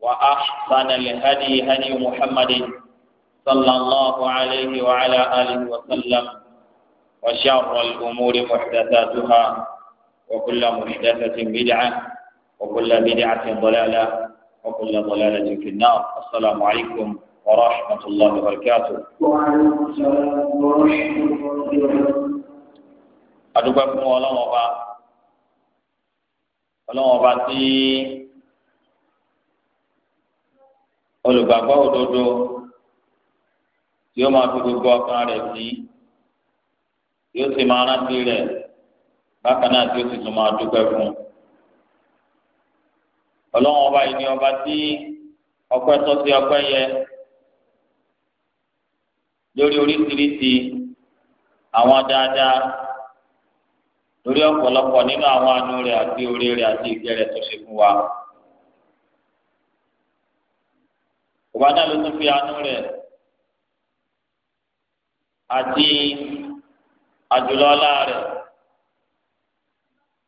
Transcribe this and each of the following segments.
وأحسن الهدي هدي محمد صلى الله عليه وعلى آله وسلم وشر الأمور محدثاتها وكل محدثة بدعة وكل بدعة ضلالة وكل ضلالة في النار السلام عليكم ورحمة الله وبركاته وعليكم السلام ورحمة الله وبركاته الله وبا olùgbàgbọ́ òdodo tí ó máa fi gbogbo ọkàn rẹ̀ sí tí ó sì máa rántí rẹ̀ bákan náà tí ó sì tún máa dúpẹ́ fún un. ọlọ́run ọba yìí ni ọba tí ọpẹ́ tọ́ sí ọpẹ́ yẹ lórí oríṣiríṣi àwọn dáadáa lórí ọ̀pọ̀lọpọ̀ nínú àwọn àánú rẹ̀ àti oore rẹ̀ àti ìgbẹ́ rẹ̀ tó ṣe fún wa. ọba náà ló tún fi àánú rẹ̀ àti àjùlọ ọlá rẹ̀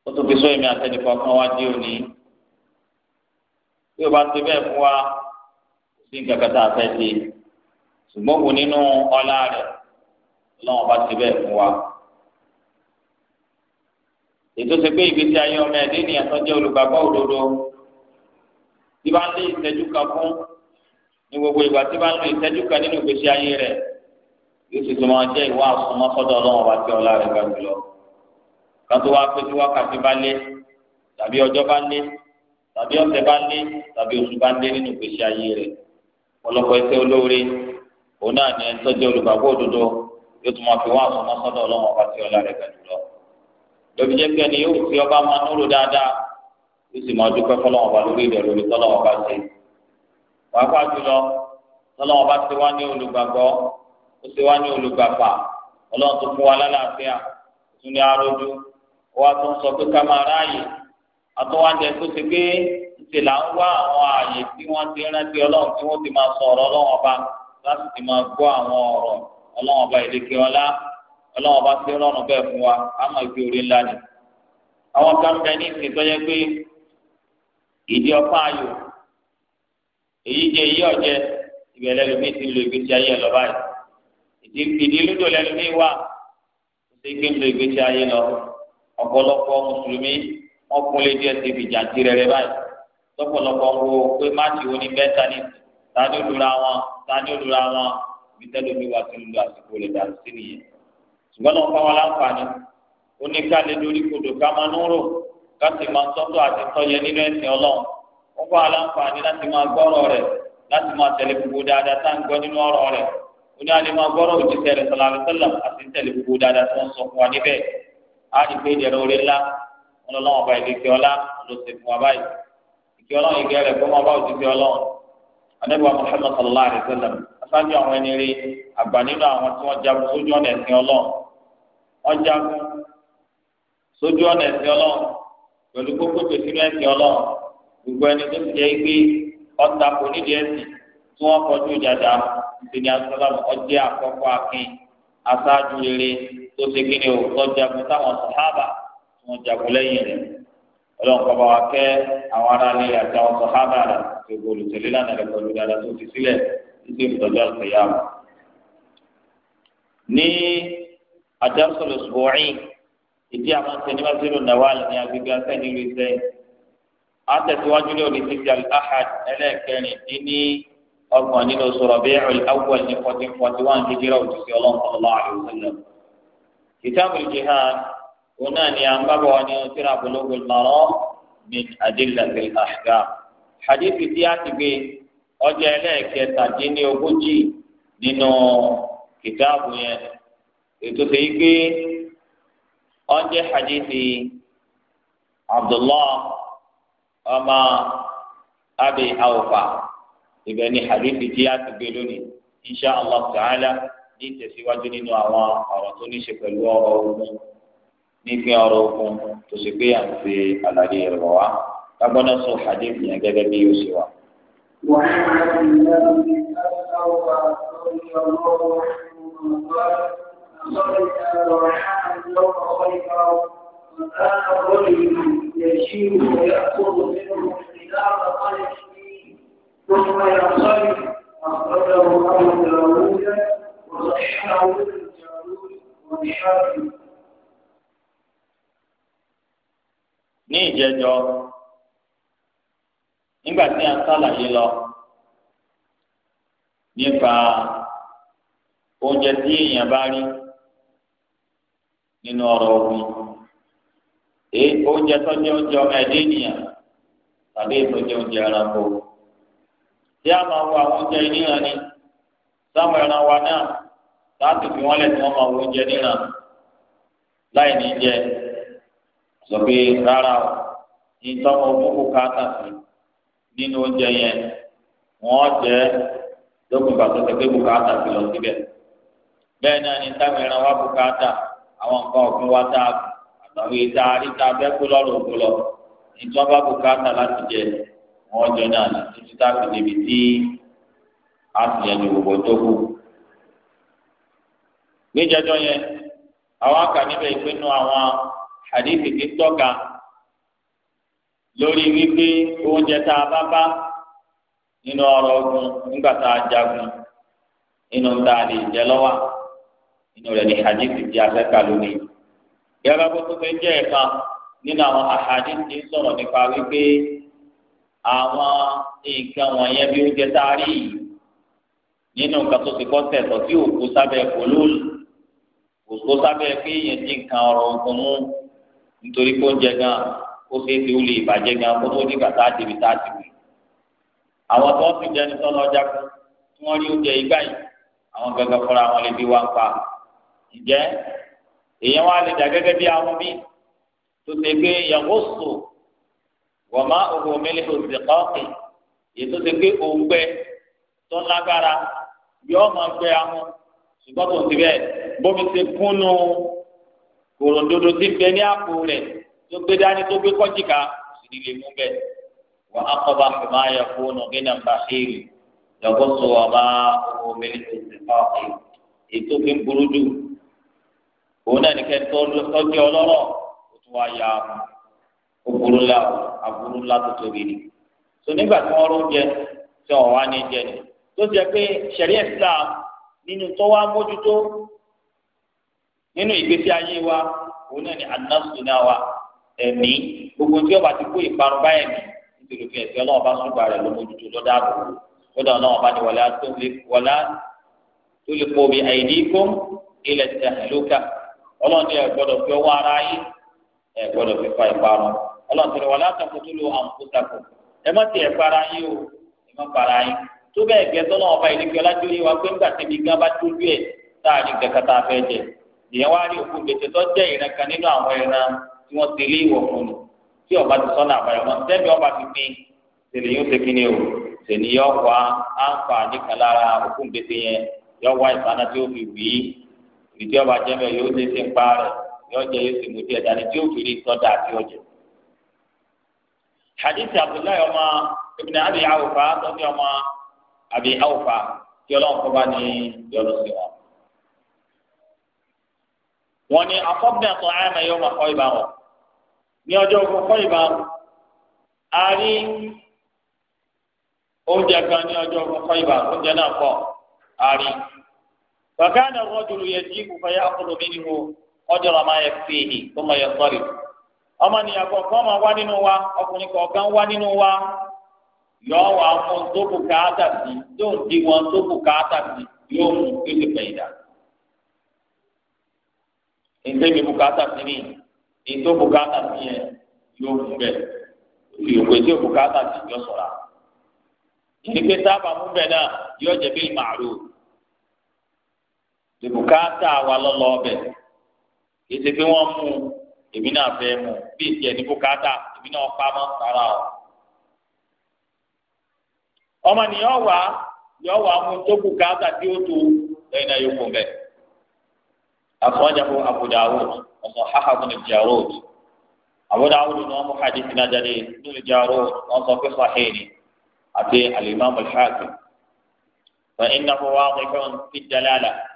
ó tún fi sọ èmi àtẹnìkọ kan wá dé òní bí o bá ti bẹ́ẹ̀ fún wa kò sí nǹkan kan tá a fẹ́ ṣe ṣùgbọ́n wò nínú ọlá rẹ̀ ọlọ́run bá ti bẹ́ẹ̀ fún wa ètò ṣe pé ìgbésí ayé ọmọ ẹ̀dẹ́ tó jẹ́ olùgbàgbọ́ òdodo tí bá lé ìṣẹ́jú kan fún ní gbogbo ìgbà tí wọn lo ìtẹ́jú kan nínú ìgbésí ayé rẹ̀ yóò sì tún máa jẹ́ ìwà àsomọ́ sọ́dọ̀ ọlọ́run ọba tí ọlá rẹ̀ ga jùlọ. kan tó wá pé tí wákàtí bá lé tàbí ọjọ́ bá lé tàbí ọ̀sẹ̀ bá lé tàbí oṣù bá lé nínú ìgbésí ayé rẹ̀ ọlọ́pọ̀ ẹsẹ̀ olóore òun náà ní ẹnitọ́jú olùgbàgbọ́ òdodo yóò tún máa fi wá àsomọ́ sọ́dọ̀ ọlọ́run ọba tí ọlá rẹ̀ ga jùlọ. wàá fà jùlọ lọ́lọ́wọ́ bá ti wá ní olùgbàgbọ́ ó ti wá ní olùgbàpà ọlọ́run tó fún wa lálàáfíà tún ní arójú wa tó ń sọ pé ká máa ráàyè àtúwájẹ tó ti gbé ṣe là ń wá àwọn ààyè tí wọ́n ti rántí tí ti sọ ọrọ ọba láti ti máa àwọn ọba ọlá ọba ti rọrùn fún wa orí ńlá ni. àwọn kan bẹ èyí jẹ èyí ọjẹ ibẹ̀ lẹ́nu mi ti lo ìgbésí ayé lọ báyìí ìdí ìdí lódò lẹ́nu mi wà ṣé kí n lo ìgbésí ayé lọ ọ̀pọ̀lọpọ̀ mùsùlùmí wọn kún lé díẹ̀ síbi jàǹtí rẹ rẹ báyìí lọ́pọ̀lọpọ̀ ń wo pé máàtì wo ni bẹ́tà ni tani ó lura wọn tani ó lura wọn ibi tẹ́lẹ̀ mi wà sí lu àsìkò rẹ̀ dàrú sí nìyẹn ṣùgbọ́n náà fáwọn aláǹfààní oníkàlẹ́ lórí kodò ká máa ń ó kọ́ aláǹfààní láti máa gbọ́rọ̀ rẹ̀ láti máa tẹ̀lé gbogbo dáadáa tá à ń gbọ́ nínú ọ̀rọ̀ rẹ̀ ó ní alẹ́ máa gbọ́rọ̀ òjíṣẹ́ rẹ̀ sọ̀rọ̀ àlùsọ́là àti tẹ̀lé gbogbo dáadáa tó ń sọ fún wa níbẹ̀ á rí pé ìdẹ̀rẹ̀ orí ńlá wọn lọ́wọ́ ọba ìdíkẹ́ ọlá ló ṣe fún wa báyìí ìkẹ́ ọlọ́run ìkẹ́ rẹ̀ fún wa bá òjíṣẹ́ ọlọ́run anábìwá Muhammad sallallahu alayhi wa sallam aṣáájú àwọn ẹni rí àgbà nínú àwọn tí wọ́n jagun sójú ọ̀nà ẹ̀sìn ọlọ́run wọ́n jagun sójú ọ̀nà ẹ̀sìn ọlọ́run pẹ̀lú gbogbo pèsè ẹ̀sìn ọlọ́run gbogbo ẹni tó ti jẹ́ pé ọ̀tá kò nídìí ẹ̀sìn tí wọ́n kọjú ìjàdá ìsìnkú asọ́lámù ọjẹ́ àkọ́kọ́ akin aṣáájú rere tó ṣe kí ni o tó jagun táwọn sàhábà tí wọ́n jagun lẹ́yìn rẹ̀ ọlọ́run kọ́ bá wa kẹ́ àwọn ará ilé àti àwọn sàhábà rẹ̀ tó gbòòlù tẹ̀lé lánàá rẹ̀ pẹ̀lú dáadáa tó fi sílẹ̀ títí ìtọ́jú àṣeyà wọn. ní àjọsọ̀lọ̀sọ̀wọ̀nyí ìdí àwọn tẹnimọ́sílù àtẹ̀síwájú lórí títí al-ahad ẹlẹ́ẹ̀kẹrin dín ní ọgbọ̀n nínú oṣù Rabi'ul Awwal ní fourteen forty one hijira òtítí ọlọ́run sallallahu alaihi wasallam. kitabul jihad òun náà ni à ń bábọ̀ ní tírà Bulughul Maram min adillatil ahkam. hadithi tí a ti gbé ọjà ẹlẹ́ẹ̀kẹta dín ní ogójì nínú kìtàbù yẹn ètò ṣe yí pé ọjà hadithi Abdullah ọmọ abi awfa ibẹ̀ ni hadithi tí a ti gbé lónìí insha allah ta'ala ní ìtẹ̀síwájú nínú àwọn ọ̀rọ̀ tó ní ṣe pẹ̀lú ọ̀rọ̀ ogun nífin ọ̀rọ̀ ogun tó ṣe pé à ń ṣe àlàyé rẹ̀ wá lágbọ́dọ̀ sọ hadithi yẹn gẹ́gẹ́ bí ó ṣe wà. وعن عبد الله بن عمر رضي الله عنه قال صلى الله عليه وسلم كان الرجل يشيل ويأخذ منه خلاف قلبه ثم ينصرف أخرجه أبو داود وصححه ابن جارود والشافعي ní ìjẹjọ nígbà tí a sàlàyé lọ nípa oúnjẹ tí èèyàn bá rí nínú ọ̀rọ̀ ogun èyí oúnjẹ tó jẹ oúnjẹ ọmọ ẹdẹ ènìyàn tàbí èyí tó jẹ oúnjẹ ẹranko tí a máa wo àwọn oúnjẹ ìníran ni sáwọn ẹran wa náà láti fi wọn lẹ tí wọn máa wo oúnjẹ níran láì ní jẹ sọ pé rárá o ní tọmọ òkúkú káàtà sí nínú oúnjẹ yẹn wọn jẹ lókun ìgbà tó pé bùkátà sí lọ síbẹ̀ bẹ́ẹ̀ náà ní táwọn ẹran wa bùkátà àwọn nǹkan ọ̀gbìn wa tá àwọn ìta àríta abẹ́kú lọ́rùn òkú lọ ìtọ́ bá bùkátà láti jẹ wọn jọ náà ní títí tá a fi débi tí a sì yẹn ní gbogbo tó kù. níjẹjọ yẹn àwọn kà níbẹ̀ ìpinnu àwọn àdìsí ti tọ́ka lórí wípé oúnjẹ tá a bá bá nínú ọrọ̀ ogun nígbà tá a jagun nínú tá a lè jẹ lọ́wọ́ nínú rẹ̀ ní àdìsí ti afẹ́ka lónìí yàrá bó tó fẹ́ jẹ́ ẹ̀ka nínú àwọn àhàdí ti ń sọ̀rọ̀ nípa wípé àwọn nǹkan wọ̀nyẹn bí oúnjẹ tá a rí yìí nínú nǹkan tó ti kọ́ tẹ̀sọ̀ tí òkú sábẹ́ kòlóòlù òkú sábẹ́ pé èèyàn ti ń kan ọ̀rọ̀ ogun mú nítorí pé oúnjẹ gan ó ṣeé ṣe ó lè bàjẹ́ gan kó tó dìgbà tá a débi tá a ti wù. àwọn tó ń fi jẹni sọ́nà ọjà kú tí wọ́n rí oúnjẹ igbá yìí àwọn gangan fúnra wọn lè bí wá ń pa. ǹjẹ́ èèyàn wá lè dà gẹ́gẹ́ bí àwọn bí tó ṣe pé yàgòsò wọ̀mọ́ òhun mẹ́lẹ̀ òsì kọ́ọ̀kì èyí tó ṣe pé òǹgbẹ tó lágbára yọ máa gbẹ àwọn ṣùgbọ́n tó ti bẹ́ẹ̀ bómi ṣe kúnnú kòròdodo ti bẹ ní àpò rẹ̀ tó gbé dání tó gbé kọ́jìká sì ní lè mú bẹ́ẹ̀ wọ́n á kọ́ bá fi máa yẹ fóònù gínà bá ṣéèrè yàgòsò wọ̀mọ́ òhun mẹ́lẹ̀ òsì kọ́ọ̀kì èyí tó fi ń burú jù. òun náà nìkẹ́ tọ́jú ọlọ́rọ̀ ó tún wá ya òkúrú ńlá àbúrú ńlá ni. sọ nígbà tí wọ́n róúnjẹ tí wọ́n ni tó jẹ pé sẹ̀rí Islam nínú tó wá mójútó nínú ìgbésí ayé wa òun náà ni anasu náà wa ẹ̀mí gbogbo tí wọ́n bá ti kó ìparun bá ẹ̀mí nítorí fi ẹ̀sẹ̀ ọlọ́run bá sùn gbàrẹ̀ ló mójútó lọ́dà àbúrò ọlọ́ọ̀ni ẹ̀ gbọ́dọ̀ fi ọwọ́ ara yín ẹ̀ gbọ́dọ̀ fi fa ìparun ọlọ́ọ̀ni tẹ̀lé wà látàkùn tó lo àǹkóṣàkùn ẹ má ti ẹ̀ o ẹ má para tó bẹ́ẹ̀ gẹ́ ọba yìí wá pé ńgbà tẹ̀mí gan bá ẹ̀ a fẹ́ jẹ ìyẹn wá rí òkú gbèsè tó jẹ́ nínú ìdí ọba jẹmẹ yóò ṣe ṣe ń pa rẹ yóò jẹ yóò sì mú díẹ̀ dání tí ó fi rí nǹkan dà sí ọjọ́. hadith abdullahi ọmọ ibn abi awfa tọ́jú ọmọ abi awfa tí ọlọ́run kọ́ bá ní yọlọ sí wọn. wọn ni akọ́bìnrin àtọ̀ àmà yóò máa kọ́ ibà wọn ní ọjọ́ ogun kọ́ ibà wọn a rí oúnjẹ kan ní ọjọ́ ogun kọ́ ibà oúnjẹ náà kọ́ a rí. فكان الرجل يجيب فيأخذ منه قدر ما يكفيه ثم يضطرب ọmọ nìyàn kọ̀ọ̀kan máa ya nínú wa ọkùnrin kọ̀ọ̀kan wá nínú wa yọ wà fún tó bùkátà sí tó ń tó bùkátà sí yóò mú kí ó ti fẹ̀ tó bùkátà sí yẹn yóò ìbùkátà wa lọ́lọ́ ọbẹ̀ ètè pé wọ́n mú èmi náà fẹ́ mú bí ètè ẹni bùkátà èmi náà pamọ́ sára o. ọmọnìyàn wà yọ wà mú tó bùkátà tí ó tó lẹ́yìn náà yóò kún bẹ́ẹ̀. àfọwọ́jàpọ̀ Abu ọmọ hahabun Jarud Abu ni wọ́n mú hadith náà jáde nínú wọ́n sọ pé àti fi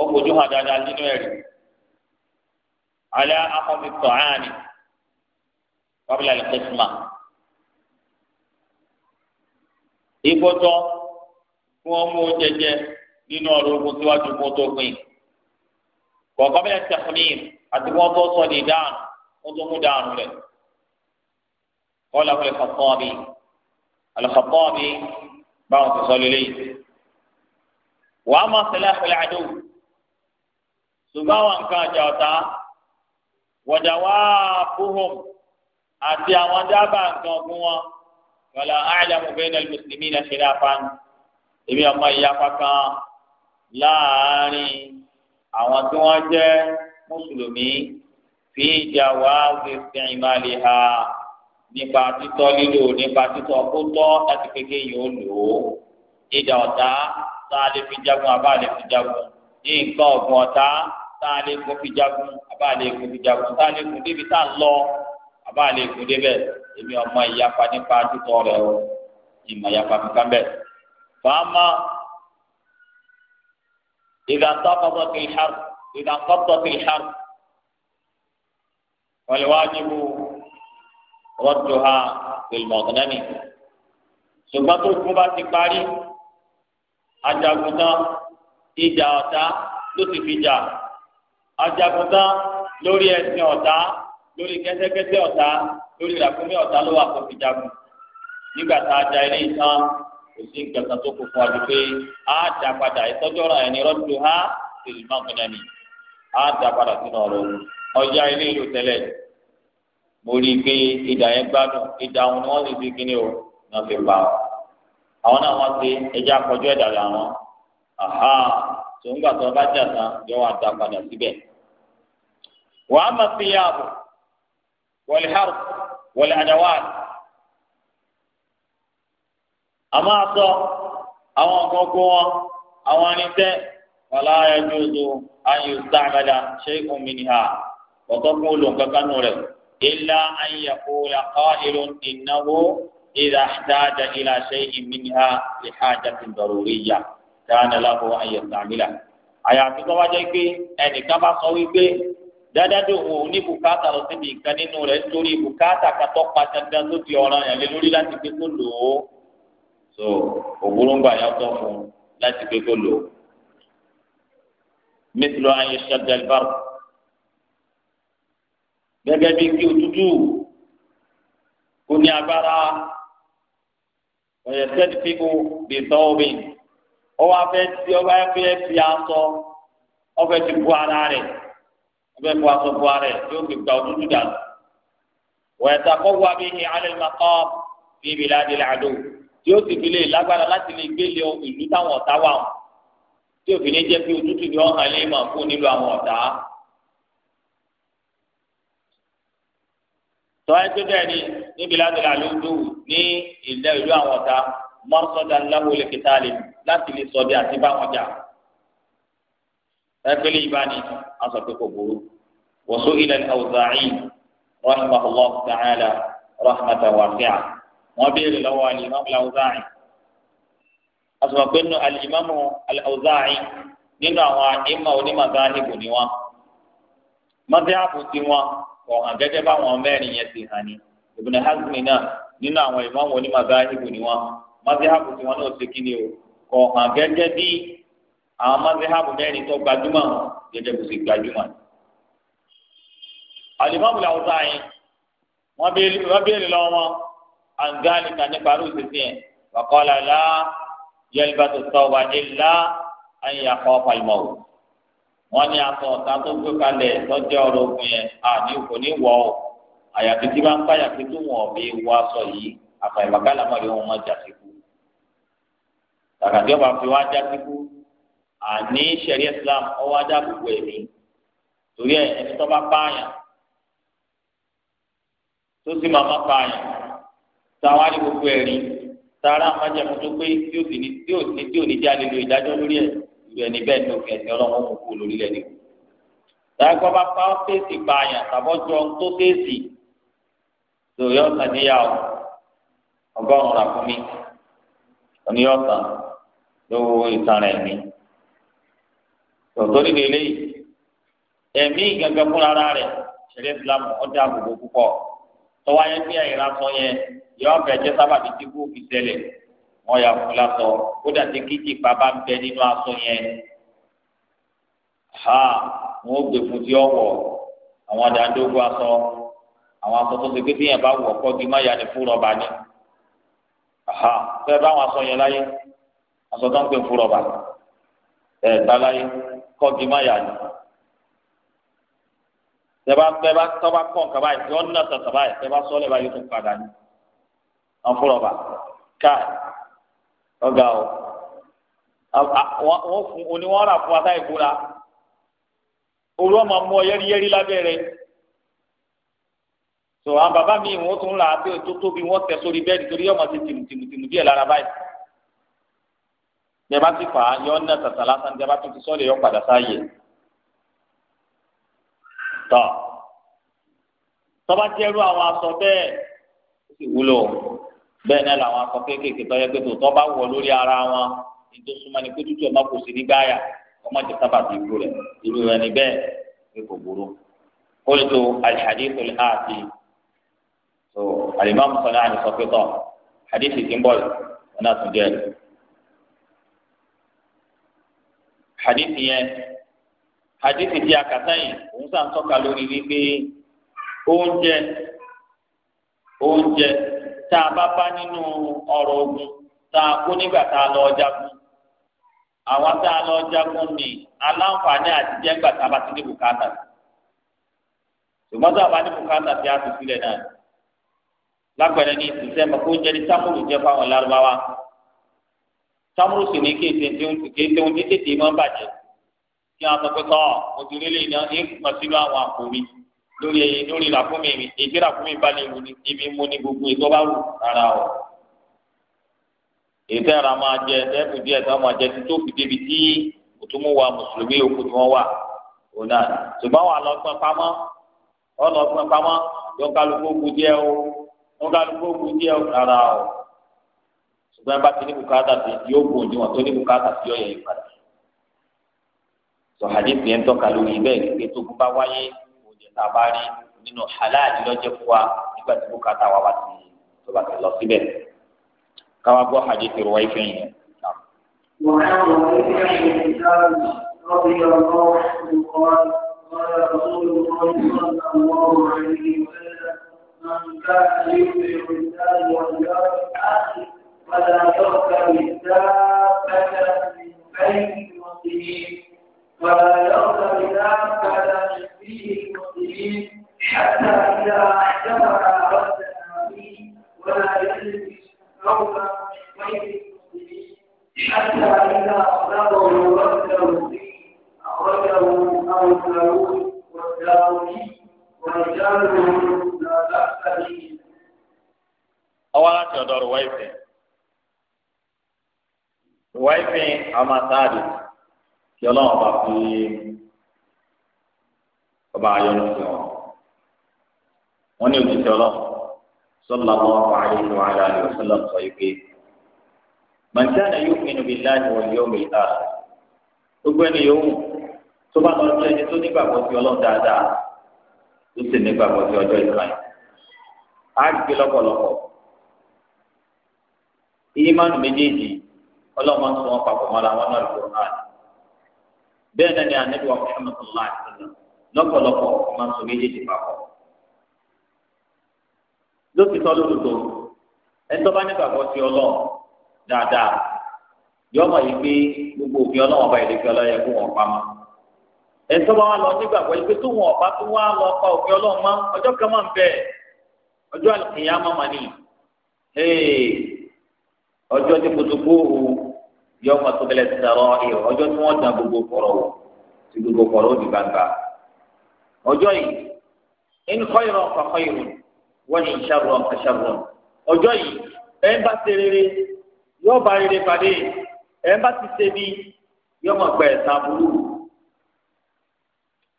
ó fojú hàn dáadáa nínú ẹ̀rí alẹ́ akọ́bí tọ́hánì wàbílẹ̀ alẹ́kẹ́sìmá ìgbọ́tọ́ kí wọ́n mú oúnjẹ jẹ nínú ọ̀rọ̀ ogun síwájú kó tó pin kọ̀ọ̀kan bẹ́ẹ̀ tẹ̀kùnìm àti wọ́n tó sọ ní dáhùn wọ́n tó mú dáhùn rẹ̀ kọ́lá fún ẹ̀kọ́tọ́ọ̀bì alẹ́kọ́tọ́ọ̀bì báwọn ti sọ lélẹ́yìn wàá máa sẹlẹ̀ àfẹlẹ́ àdéhùn ṣùgbọ́n àwọn nǹkan ọjà ọ̀tá wọ̀jà wá fúhùn àti àwọn dábàá nǹkan ọ̀gbìn wọn wala a'lamu bayna al-muslimina khilafan èmi ọmọ ìyapa kan láàárín àwọn tí wọ́n jẹ́ mùsùlùmí fi jawaz isti'maliha nípa títọ́ lílo nípa títọ́ kó tọ́ láti kéke yìí ó lò ó ìjà ọ̀tá tá a lè fi jagun àbá a lè fi jagun ní nǹkan ọ̀gbìn ọ̀tá tá a lè kó fi jagun àbá a lè kó fi jagun tá a lè kó débi tá a lọ àbá a lè kó débẹ̀ èmi ọmọ ìyapa nípa títọ́ rẹ o ìmọ̀ ìyapa kankan bẹ́ẹ̀. fàámà ìdàntàkọ́tọ̀ kì í har ìdàntàkọ́tọ̀ kì í har wàlúwàjibù rọ́dùhà ìlmọ̀gánẹ́mì. ṣùgbọ́n tó kú bá ti parí ajagun náà ìjà ọ̀tá ló ti fi jà ajaguntan lórí ẹṣin ọ̀tá lórí kẹ́tẹ́kẹ́tẹ́ ọ̀tá lórí ràkúnmí ọ̀tá ló wà kó fi jagun nígbà tá a da ilé ìtàn kò sí nǹkan kan tó kó fún wa ju pé a dà padà ìtọ́jú ọ̀ràn ẹni rọ́dù ha tèlè má gbẹ́nà ni a dà padà sínú ọ̀rọ̀ ọjà ilé ìlú tẹ́lẹ̀ mo rí i pé ìdá yẹn gbádùn ìdá òun ni wọ́n sì fi kíní o náà fi pa ọ́ àwọn náà wọ́n ti ẹja akọjú ẹ̀dà làwọn àhá tòun gbà bá jà tán yọ وأما الثياب والحرف والأدوات أما أصو أو أنكوكوا أو أنت فلا يجوز أن يستعمل شيء منها وتقول ككنور إلا أن يقول قائل إنه إذا احتاج إلى شيء منها لحاجة ضرورية كان له أن يستعمله àyàfi tó wá jẹ́ pé ẹnìkan bá sọ wípé dáadáa òun ni bùkátà lọ síbi nǹkan nínú rẹ̀ nítorí bùkátà katọ́ pa dandan tó di ọ̀ràn yẹn lé lórí láti gbé kó lò ó so òwúrọ̀ngbà yẹn tọ́ fún un láti gbé kó lò ó. mẹ́tìlọ́ ayé ṣàdàlbàrù gẹ́gẹ́ bí kí òtútù kò ní agbára ọ̀yẹ̀ sẹ́ẹ̀dì fíkù bí tọ́wọ́bì ọwọ́ afẹ́ tí ọba ẹgbẹ́ fi aṣọ ọfẹ́ ti bu ara rẹ̀ abẹ́ fọ aṣọ bu ara ẹ̀ tí ó fi gba òdúdú dànù. wẹ̀ẹ́ta kọ́ wá bí ní alẹ́ mọ́kọ́ bí ibi láti lè àdó tí ó sì fi lè lágbára láti lè gbélé ìlú táwọn ọ̀tá wà wọn tí òfin ní jẹ́ pé òtútù ni ọ̀hún alẹ́ mọ̀ fún nílò àwọn ọ̀tá. tọ́wọ́n tó bẹ́ẹ̀ ni níbi láti lè àdó ní ìlú àwọn ọ̀tá mọ́sọ̀dá ńlá wọlé kìtàlì láti lè sọ bí àti bá wọn jà ẹgbẹ́lẹ́ ìbáni aṣọ pé kò burú wọ́sọ ilẹ̀ Awza'i rahimahullah ta'ala rahmatan wasi'a wọ́n béèrè lọ́wọ́ alimami Awza'i aṣọ pé nínú alimami Awza'i nínú àwọn ìmọ̀ onímọ̀dáhìbò ni wọ́n mọ́tíáàbù tí wọ́n kọ̀ hàn gẹ́gẹ́ báwọn mẹ́rin yẹn ti hàn ní Ibn Hazm náà nínú àwọn ìmọ̀ onímọ̀dáhìbò ni wọ́n mọ́tíáàbù tí náà ṣe kí ni o kọ̀ hàn gẹ́gẹ́ bíi àwọn mọ́síhábù mẹ́rin tó gbajúmọ̀ gẹ́gẹ́ bó ṣe gbajúmọ̀. àlìmọ́bù làwùjọ yìí wọ́n béèrè lọ́wọ́ wọn àǹgáàlì kan nípa arúgbó sísìn yẹn wàkọ́lá lá yẹlba tó tọ́wọ́ ilá ayé akọ́ palimọ́wò. wọ́n ní aṣọ ọ̀tá tó gbé kalẹ̀ lọ́jọ́ ọ̀rọ̀ ogun yẹn àní kò ní wọ̀ ọ́ àyàfi bá ń pa àyàfi tó bí wọ́ aṣọ yìí àfàìbàkálà mọ̀ lé wọn mọ̀ jàsíkú. tàkàtí ọba fi wá jàsíkú àní sẹ̀rí islam ọwọ́ ajá gbogbo ẹ̀mí torí ẹ̀ ẹni tó bá pààyàn tó sì máa má pààyàn táwárí gbogbo ẹ̀rí tààrà májẹ̀mú tó pé tí ò ní tí ò ní tí ò ní jẹ́ àlejò ìdájọ́ lórí ẹ̀ ìlú ẹni bẹ́ẹ̀ ní òfin ẹ̀sìn ọlọ́run mú kú lórílẹ̀ ni. Tàgbọ́n bá pa ọ́fíìsì pààyàn tàbọ́jọ tó fèsì lórí ọ̀sán níyàwó ọgọ́rùn-ún rà oníyọ̀sán lówó ìtàn rẹ̀ mi tòtòrí lélẹ́ yìí ẹ̀mí gẹ́gẹ́ fúnra rẹ̀ ṣẹlẹ̀ ìsìlámù ọjà àbùkù púpọ̀ tọ́wọ́ ayé bí àyè lásọ yẹn yọ ọbẹ̀ jẹ́ sábàbí tí kò fi ṣẹlẹ̀ wọ́n yà fún lásọ ó dàtí kíkì bàbá ń bẹ nínú aṣọ yẹn ha wọn ó gbé fún ti ọwọ́ àwọn àdàndógún aṣọ àwọn aṣọ tó ṣe pé tíyẹn bá wọ̀ kọ́ di má yà ní fún rọ́bà ni ha fẹ́ bá àwọn aṣọ yẹn láyé aṣọ tó ń pè fún rọ́bà ẹ̀ láyé kọ́gi má yà ni tẹ́bá tẹ́bá tọ́ba kọ́ nǹkan báyìí tí wọ́n ná tọ̀tọ̀ báyìí tẹ́bá sọ́ọ́lẹ̀ báyìí tó padà ni wọ́n fúnra bá káì ọ̀gá o wọ́n fún oní wọ́n rà fún ata ìbúra olú ọmọ mú ọ yẹ́rìyẹ́rì lábẹ́rẹ́ tó àwọn bàbá mi wọ́n tún là á tó tóbi wọ́n tẹ̀ sórí bẹ́ẹ̀dì torí ọmọ ti tìmùtìmù bí lára báyìí jẹba ti fà á yọ ọ náà tàtà lásán jẹba tó ti sọlẹ yọ padà sáàyè tọ tọba jẹrú àwọn aṣọ bẹ́ẹ̀ ó sì wúlò bẹ́ẹ̀ náà làwọn aṣọ kéékèèké tọyẹ pé tọba wọ lórí ara wọn ètò súnmọ́ ni kótótó ọmọ kò sí nígbà yà ọmọ jẹ sábà ti kú rẹ irú rẹ ni bẹ́ẹ̀ pé kò burú kóòtù alihadithu alihati so alimami sọlá ni sọ pé tọ hadithi ti ń bọ̀ yìí náà tún jẹ́ ẹ̀. hadithi yẹn hadithi tí a kà sáyìn òun sàn tọ́ka lórí wípé oúnjẹ oúnjẹ tá a bá bá nínú ọ̀rọ̀ ogun tá a kó nígbà tá a lọ jagun àwọn tá a lọ jagun ni aláǹfààní àti jẹ́gbà tá a bá ti ní bùkátà ṣùgbọ́n tá a bá ní bùkátà tí a ti sílẹ̀ náà lápẹ̀rẹ̀ ní ìsìsẹ́ mọ̀ kó oúnjẹ ní sáfùrù jẹ́ fáwọn lárúbáwá sámúrò sì ní kéde kéde ohun títètè máa ń bàjẹ́ kí wọn sọ pé tọ́ mo ti rí lẹ́yìn náà ní kàn sínú àwọn àpò mi lórí lórí ràkúnmí mi èyí ràkúnmí bá lè wù ní ibi mo ní gbogbo ètò bá wù rárá o èyí tẹ́ ara máa jẹ ẹ̀ẹ́dẹ́gbù díẹ̀ tí wọ́n máa jẹ tí tó fi débi tí òtúmọ̀ wa mùsùlùmí òkú tí wọ́n wà òun náà ṣùgbọ́n wà lọ́gbọ́n pamọ́ ọlọ́gbọ́n pamọ́ yọ̀ọ́ kálukú díẹ̀ o yọ̀ọ́ kálukú díẹ̀ o rárá o ṣùgbọ́n bá ti ní bùkátà sí yóò gùn ju wọn tó ní bùkátà sí ọ̀yẹ̀ yìí padà. sọ hadith yẹn tọ́ka lórí bẹ́ẹ̀ pé tó bá wáyé oúnjẹ tá a bá rí nínú halali lọ́jọ́ fún wa nígbà tí bùkátà wa bá ti tó bá ti lọ síbẹ̀. káwá gbọ́ hadith rẹ̀ wáyé fẹ́ yẹn. رضي الله عنه قال قال رسول الله صلى الله عليه وسلم من كان يؤمن بالله واليوم الاخر ولا يركب الدابة من بين المسلمين ولا يركب دابة من فيه المسلمين حتى إذا أحجبها ردها فيه ولا يلبس ثوبا من غير المسلمين حتى إذا أصابه رده فيه أخرجه أو داود والداوي ورجاله لا بأس به. أولا تدور ويفه ìwáìfín amasáàdì kí ọlọ́run fi ọba wọ́n ní òjijì ọlọ́run sọ́lá ọ̀sọ́lá sọ yìí pé yóò láti yóò mi ta gbogbo ẹni tó bá lọ sí ẹni tó nígbàgbọ́ sí ọlọ́run dáadáa tó sì nígbàgbọ́ sí ọjọ́ ìkànnì á gbé lọ́pọ̀lọpọ̀ ìyí mánu méjèèjì ọlọ́run sọ wọn papọ̀ mọ́ra wọn náà lò náà bẹ́ẹ̀ náà ni anabi wa muhammed sallallahu alayhi wa sallam lọ́pọ̀lọpọ̀ ọmọ sọ méjèèjì papọ̀ lókìtọ́ lóòótọ́ ẹ̀ńtọ́ bá nígbàgbọ́ sí ọlọ́run dáadáa yọ ọmọ yìí pé gbogbo òfin ọlọ́run ọba ìdèkẹ́ ọlọ́yẹ kó wọn pamọ́ ẹ̀ńtọ́ bá wà lọ nígbàgbọ́ yìí pé tó wọn ọba tó wà lọ pa òfin ọlọ́run mọ́ ọjọ́ kan máa ń bẹ̀ ọjọ́ àlùkìyà máa ọjọ́ tí kò tó yọ ọmọ tó bẹ̀rẹ̀ sọ̀rọ̀ ìrọ̀ ọjọ́ tí wọ́n dán gbogbo kọ̀rọ̀ wọ̀ tí gbogbo kọ̀rọ̀ òdì gbangba ọjọ́ yìí in khayran fa khayrun wa in sharran fa sharrun ọjọ́ yìí ẹ̀ ń bá ṣe rere yọ ọba rere pàdé ẹ̀ ń bá ti ṣe bí yọ ọmọ gbẹ̀ burú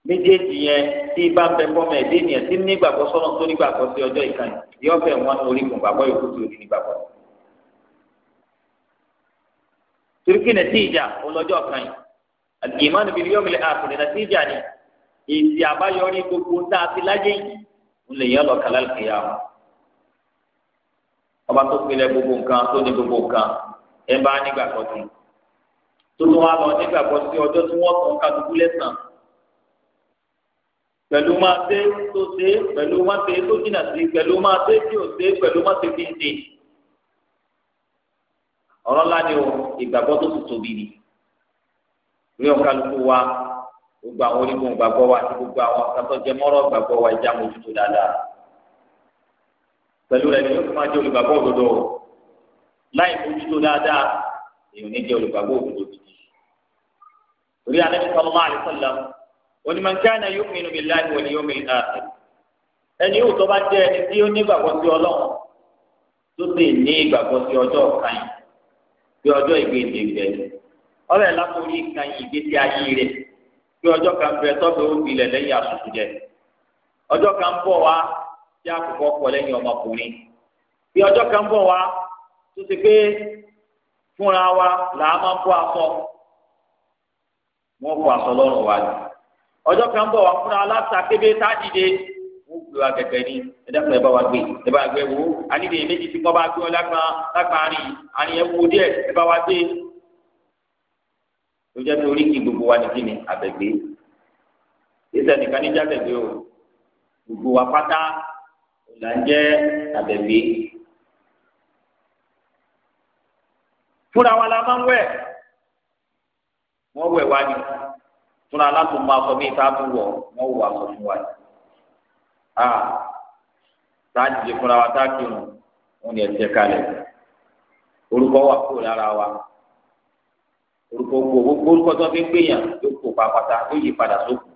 méjèèjì yẹn tí bá ń bẹ fọmọ ẹ̀dẹ́ tí nígbàgbọ́ sọ́nà tó nígbàgbọ́ sí ọjọ́ ìkànnì yọ ọbẹ̀ wọn orí kùn gbàgbọ́ yòókù tó ní gbàgbọ́ sí. turkey nàtíjà ọlọ́jọ́ kan yìí àgbìmánu bíi yọmi lè àkùnrin nàtíjà ni èsì àbáyọrí gbogbo ń dáa sí láyé yìí ń lè yẹ lọ́ọ́ kálá kìyà wọn. ọba tó pinnu gbogbo nǹkan tó ní gbogbo nǹkan ẹ bá nígbà kan sí tó tún wá lọ nígbà kan sí ọjọ́ tí wọ́n tún kálukú lẹ́sàn pẹ̀lú máa ṣe tó ṣe pẹ̀lú máa ṣe tó jìnnà sí pẹ̀lú máa ṣe tí ò ṣe pẹ̀lú máa ṣe tí ń ṣe ọ̀rọ̀ ńlá ni o ìgbàgbọ́ tó ti tóbi ni rí ọ̀kálukú wa gbogbo àwọn onígun gbàgbọ́ wa àti gbogbo àwọn akatọ́ jẹmọ́rọ́ gbàgbọ́ wa ìjà mójútó dáadáa pẹ̀lú rẹ̀ ni yóò fi máa jẹ́ olùgbàgbọ́ òdodo láì mójútó dáadáa èèyàn ní jẹ́ olùgbàgbọ́ òdodo gidi rí alẹ́ nípa ọmọ àlùfọ́lá onímọ̀ nǹkan náà yóò pinnu bí láì wọlé yóò mìíràn àti ẹni yóò tó bá jẹ́ ẹni tí ó ní ìgbàgbọ́ sí ọlọ́run tó sì ní ìgbàgbọ́ sí ọjọ́ kan yìí bí ọjọ́ ìgbéǹde gbẹ̀yìn ọ̀rẹ́ látorí ìkànnì ìgbésí ayé rẹ̀ bí ọjọ́ kan bẹ tọ́gbẹ́ òbí lẹ̀ lẹ́yìn àtúntò jẹ ọjọ́ kan bọ̀ wá tí àkókò ọkọ̀ lẹ́yìn ọmọkùnrin bí ọjọ́ kan bọ̀ wá tó ti pé fúnra wa là á máa bọ́ aṣọ wọn kó aṣọ lọ́rùn wa ọjọ́ kan wá fúnra gbé wa kẹ̀kẹ́ ni ẹ̀dàpọ̀ ẹ̀ bá wa gbé ẹ̀ bá gbé wo àníbi èméjì tí wọ́n bá gbé ọ lágbá lágbá rìn àrìn ẹ̀ wo díẹ̀ ẹ̀ wa gbé. ló jẹ́ torí kí gbogbo wa ní kí ni àbẹ̀gbé ìṣẹ̀ nìkan ní jábẹ̀gbé o gbogbo wa pátá là ń jẹ́ àbẹ̀gbé. fúnra wa la máa ń wẹ̀ wọ́n wẹ̀ wá ni fúnra aláàtúmọ̀ akọ mi bú wọ̀ wọ́n wọ aṣọ fún ni a tá a dìde fúnra wa tá a kírun wọn ni ẹsẹ̀ kalẹ̀ orúkọ wà kó lára wa orúkọ kó gbogbo orúkọ tó fi ń gbéyàn yóò kó pàápàá yóò yí padà sókun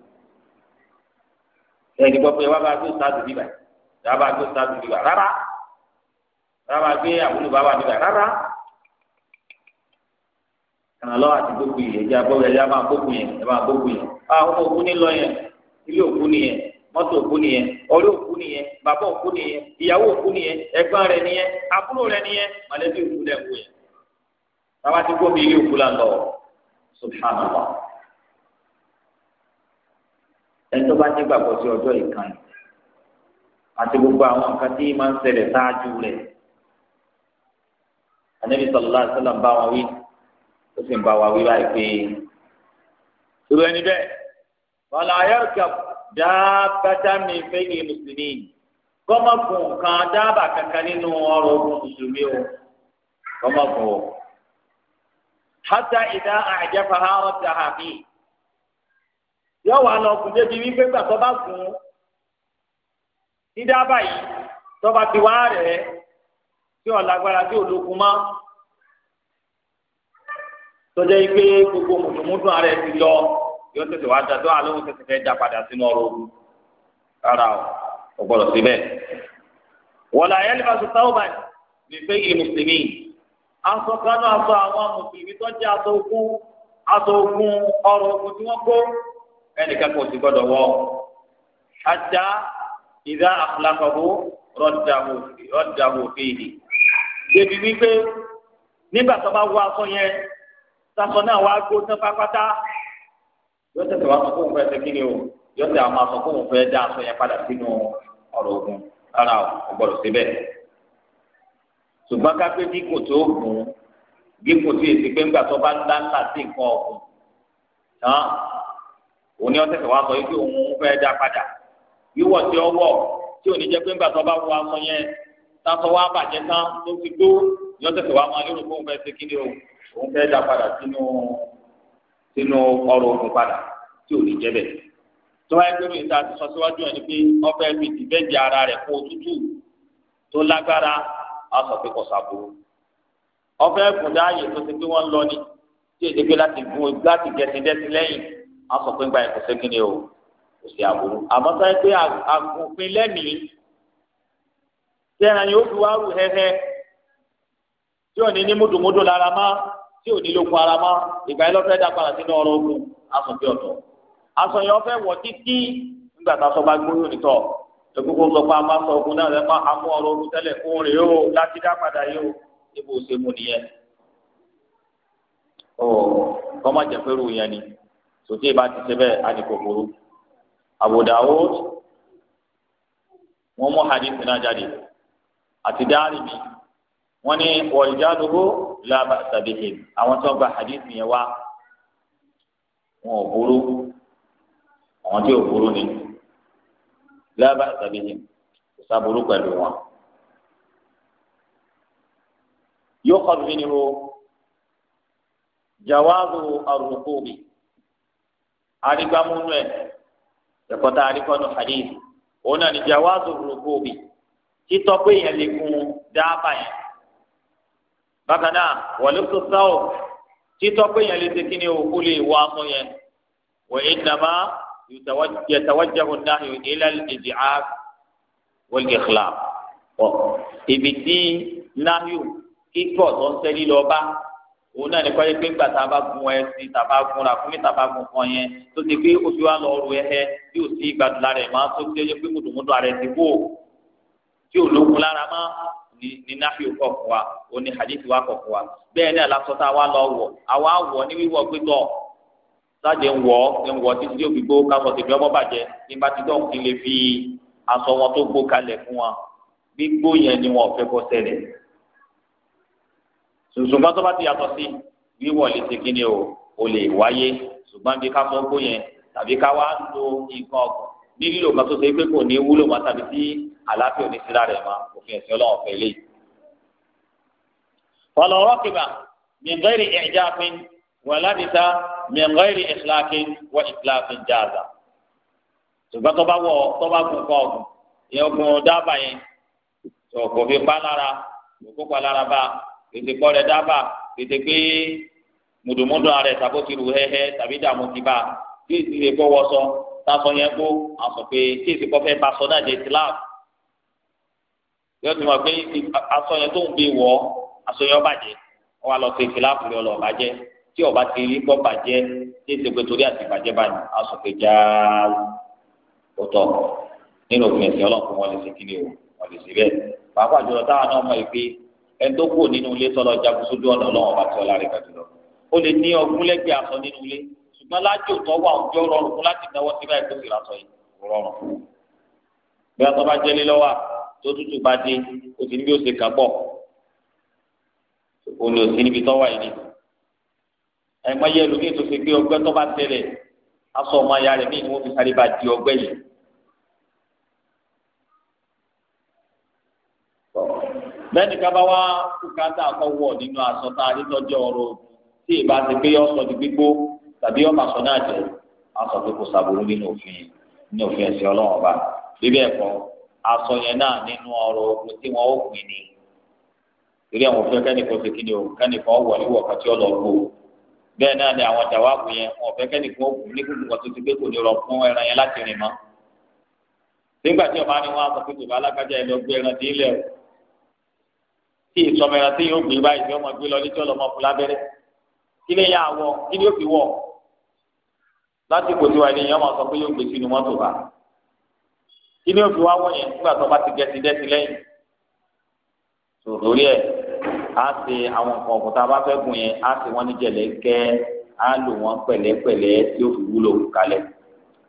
ẹni gbọ́ pé wá bá gbé sáàdù bíbà wá bá gbé sáàdù bíbà rárá wá bá gbé àbúrò bá wà bíbà rárá kànáà àti gbogbo yìí ẹ̀jẹ̀ abọ́ ẹ̀jẹ̀ abọ́ gbogbo yẹn ẹ̀ bá gbogbo yẹn àwọn ọmọ òkú nílọ yẹn ilé òkú nìyẹn mọ́tò òkú nìyẹn ọ̀rẹ́ òkú nìyẹn bàbá òkú nìyẹn ìyàwó òkú nìyẹn ẹ̀gbọ́n rẹ̀ nìyẹn àbúrò rẹ̀ nìyẹn mọ̀lẹ́bí òkú dẹ̀ wò yẹn bàbá ti gbọ́ mi ilé òkú la lọ subhanallah ẹ̀tọ́ bá ti gbàgbọ́ sí ọjọ́ ìkan àti gbogbo àwọn nǹkan tí máa ń ṣẹlẹ̀ sáájú rẹ̀ anabi sallallahu alaihi wasallam bá wọn wí ó sì ń bá wa wí báyìí pé irú ẹni bẹ́ẹ̀ wàlá ayé ọ̀kẹ́ àpò dábàtà mi fẹ́ yé mùsùlùmí kọ́mọ̀kùn kan dábàá kankan nínú ọrọ̀ ogun mùsùlùmí o kọ́mọ̀kùn o. hátà ìdá àjẹfà ha ọ̀tà hà mí. yọ wà lọ kùn débi wípé gbà tó bá kùn ní dábàá yìí tó bá ti wá rẹ̀ tí ò lágbára tí ò lókun mọ́ tọ́jà yìí pé gbogbo mùsùlùmí dùn ara ẹ̀ ti lọ yóò tètè wá da dọ́wà lóhùn tètè fẹ́ já padà sínú ọrọ̀ òru rárá o ò gbọdọ̀ síbẹ̀. wọ̀lá ayé lè fàṣọ sáwọ́ báyìí lè fẹ́ yìí mùsùlùmí aṣọ kanú aṣọ àwọn mùsùlùmí tó jẹ́ aṣọ ogun aṣọ ogun ọrọ̀ ogun tí wọ́n kó ẹnìkan kò sì gbọdọ̀ wọ̀ ajá ìdá àfúlàkọ̀bó rọ̀dàwò fèèdè débi wípé nígbà tó bá wọ aṣọ yẹn sasọ náà wàá gbó tán pátápátá yóò tẹ̀sẹ̀ wá sọ fún òun fẹ́ ṣe kíni o yóò tẹ̀ àwọn aṣọ fún òun fẹ́ dá aṣọ yẹn padà sínú ọ̀rọ̀ ogun rárá o kò gbọdọ̀ síbẹ̀. ṣùgbọ́n kápẹ́ gígùn tó gùn gígùn tí èsì pé ńgbà tó bá ńlá ńlá sí nǹkan ọ̀gùn tán òun ni ó tẹ̀sẹ̀ wá sọ yìí òun fẹ́ dá padà wíwọ̀ tí ó wọ̀ tí ò ní jẹ́ pé ńgbà tó bá wọ aṣọ yẹn tásọ wá bàjẹ́ tán tó ti gbó yóò tẹ̀sẹ̀ wá máa lérò pé òun fẹ́ ṣe kíni o òun fẹ́ dá padà sínú ọ̀gùn sínú ọrọ̀ ogun padà tí ò ní jẹ́ bẹ́ẹ̀. tó wáyé pé mi ta ti sọ síwájú ẹni pé ọbẹ̀ mi ti bẹ́ẹ̀ di ara rẹ̀ fún òtútù tó lágbára á sọ pé kọ̀sà burú. ọbẹ̀ ẹ̀kún dáàyè tó ti pé wọ́n lọ ni tí èdè pé láti gun láti gẹ̀sìn dẹ́sí lẹ́yìn á sọ pé ń gba ẹ̀kọ́ sékìnnì o kò sí àbúrú. àmọ́ sáyé pé àgùnfin lẹ́mìí tẹ́ran yóò fi wá rù hẹ́hẹ́ tí ò ní ní múdùmúdù lára máa tí ò nílò kó ara mọ́ ìgbà yẹn lọ́fẹ́ dá padà sínú ọrọ̀ ogun aṣọ bí ọ̀tọ̀ aṣọ yẹn ọfẹ́ wọ̀ títí nígbà tá a sọ bá gbóyún nítọ̀ ìkókó sọ pé a máa sọ ogun náà lẹ́pọ̀ a mú ọrọ̀ ogun tẹ́lẹ̀ fún rèé o láti dá padà yìí o níbo ṣe mú nìyẹn. ọ kọ́mọ jẹ̀fẹ́rù yẹn ni sòtí ìbá ti ṣe bẹ́ẹ̀ adìkòkòrò Abu Dawud wọ́n mú hadith náà jáde àti dáàrí mi wọ́n ní wọ̀lìjáàdúgbò làbà sàbẹ̀hẹ̀ àwọn tó ń gba hadith yẹn wá wọn ò burú àwọn tí ò burú ni làbà sàbẹ̀hẹ̀ kò sáburú pẹ̀lú wọn. yóò kọ́ bí ni o jawaadu arigbamu nù ẹ̀ ẹ̀kọ́ hadith òun ni jawaadu arrukubi títọ́ pé yẹn lè kún dáàbà yẹn bákan náà wọlé tó sáwò títọ́ pé yẹn lè ṣe kí ni òkú lè wá mú yẹn wọ́n yìí nàmá yàtàwájáwò náà yóò ilá ìdí á wọ́n lè ọ ibi tí náà yóò kíkọ́ tó ń tẹ́lí lọ bá òun náà ní kọ́ pé gbà tá a bá gun ẹ sí tá a bá gun ra fún mi tá a bá gun kan yẹn tó ti pé oṣù wa lọ ru ẹhẹ tí o sì gbàdúrà rẹ máa tó ti yẹ pé mùtùmùtù rẹ ti wò tí o lókun lára máa. Ni náfíò kọ̀ọ̀kan wa ó ní hadith wa kọ̀ọ̀kan wa bẹ́ẹ̀ náà lásán tá a wá lọ wọ̀ àwa wọ̀ ní wíwọ̀ pẹ́tọ̀ sáde ń wọ̀ ń wọ̀ títí tí òbígbó káṣọ tèmi ọmọ bàjẹ́ ní bá ti dọ̀ kí lè fi aṣọ wọn tó gbó kalẹ̀ fún wa gbígbó yẹn ni wọn ò fẹ́ kọ́ ṣẹlẹ̀ ṣùgbọ́n tó ti yàtọ̀ sí wíwọ̀ lè ṣe kí ni o ò lè wáyé ṣùgbọ́n bí ká mọ́ gbó yẹn tàbí ká wá lo nǹkan ọ̀gbìn ní lílo kan tó ṣe pé kò ní wúlò má tàbí tí àlàáfíà ní síra rẹ̀ má òfin ẹ̀sìn ọlọ́run fẹ́ lé. fọlọ rọkìbà mìngẹ́rì ẹ̀jáfin wàlábìtà mìngẹ́rì ìṣláfin wà ìṣláfin jáàzà. ṣùgbọ́n tó bá wọ̀ tó bá gùn kọ́ ọ̀gùn ìyẹn ogun dábàá yẹn kò fi pa lára kò pa lára bá ètè pọ́ rẹ̀ dábàá ètè pé mùdùmùdù rẹ̀ tàbó ti rù hẹ́hẹ́ tàbí dààmú ti bá táfọ yẹn kó àwọn sọ pé tí èsì kọ́ fẹ́ bá aṣọ náà jẹ islam yóò ti mọ̀ pé aṣọ yẹn tó ń gbé wọ̀ aṣọ yẹn ó bàjẹ́ wọ́n wá lọ sí islam lọ lọ bàjẹ́ tí ọba ti rí kọ́ bàjẹ́ tí èsì pé torí àti bàjẹ́ báyìí aṣọ pé jáá ó tọ̀ nínú òfin ẹ̀sìn ọlọ́run wọn lè ṣe kíni o wọn lè ṣe bẹ́ẹ̀ pàápàá jùlọ táwọn náà mọ̀ ìpè ẹni nínú ilé tọ́lọ jagun sójú ọ̀nà nínú ilé ṣùgbọ́n lájò tó wà ọjọ́ rọrùn fún láti náwó sí báyìí tó sì rà sọ yìí rọrùn bí wọn tó bá jẹ lé lọ́wọ́ tó tútù bá dé o ti ní bí o ṣe kà bọ̀ o ní o sí níbi tó wà yìí ẹ mọ iye ẹlòmíì tó ṣe pé ọgbẹ́ tó bá tẹ̀lé aṣọ ọmọ ayá rẹ̀ míì ni wọ́n fi sáré bá di ọgbẹ́ yìí. bẹ́ẹ̀ni ká bá wá kúkátà kọ́ nínú aṣọ tá a ní tọ́jú ọ̀rọ̀ tí ìbá ti pé ọ̀sọ̀ tàbí ọmọ aṣọ náà jẹ aṣọ tó kò sàbòrò nínú òfin nínú òfin ẹ̀sìn ọlọ́run ọba bíbẹ̀ ẹ̀kọ́ aṣọ yẹn náà nínú ọrọ̀ ogun tí wọ́n ó pin ni torí àwọn òfin kẹ́nìkan ṣe kíni o kẹ́nìkan wọ̀ níwọ̀ kàtí ọ̀lọ́ gbò bẹ́ẹ̀ náà ni àwọn jàwáàbù yẹn wọn ọ̀fẹ́ kẹ́nìkan òkú ní kúkú kan tó ti gbé kò ní rọ fún ẹran yẹn láti rìn mọ́ nígbà tí ọba ni wọn á pé tòbá alágbájá ẹ lọ gbé ẹran tí ń lẹ o tí tí yóò gbé báyìí tí ọmọ gbé lọ ní tí ọlọmọ fún lábẹ́rẹ́ kí ni yà wọ kí ni ó fi wọ lásìkò tí wàá ní yẹn máa sọ pé yóò gbé sínú mọ́tò bá kí ni òfin wá wọ̀nyẹn nígbà tó bá ti gẹ̀ẹ́sì dẹ́sí lẹ́yìn tó lórí ẹ̀ á ṣe àwọn nǹkan ọ̀gùn tá a bá fẹ́ gùn yẹn a ṣe wọ́n ní jẹ̀lẹ́kẹ́ á lò wọ́n pẹ̀lẹ́pẹ̀lẹ́ tí ó fi wúlò kalẹ̀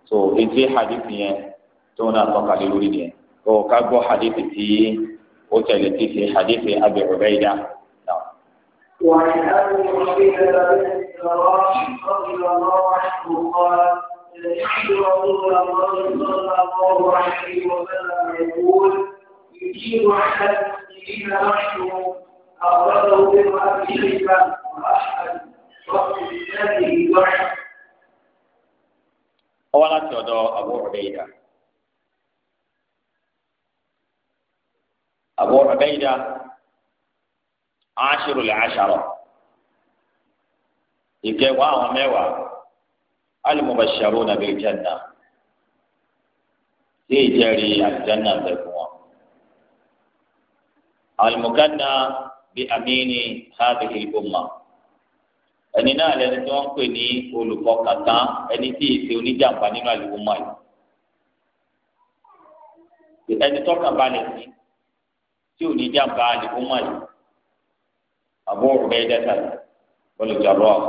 tó etí hadith yẹn tó ń náà tọ́kalẹ̀ lórí yẹn tó ká gbọ́ hadith tí ó tẹ̀lé títí hadith Abi Ubaida. وعن ابي قبيله بن الجراح رضي الله عنه قال سمعت رسول الله صلى الله عليه وسلم يقول يجيب على المسلمين نحن أرده بن أبي شيبة وأحمد وفي كتابه ضعف أولا تودع أبو عبيدة أبو عبيدة aṣèrò lè aṣàrọ̀ ìkẹwàá àwọn mẹ́wàá alimọ̀bàṣàrò nàbẹ̀ ìjànà tí ìjẹ́rìí àlìjànà bẹ̀ fún wọn. alimọ̀kánná bí amíní hábẹ̀ ìlúmọ̀ ẹni náà lẹni tí wọ́n ń pè ní olùkọ́ kàtá ẹni tí ìṣe oníjàmbá nínú àlùmọ̀ yìí ẹni tọ́ka balẹ̀ sí tí oníjàmbá àlùmọ̀ yìí. Abu Ubaidah al-Jarrah.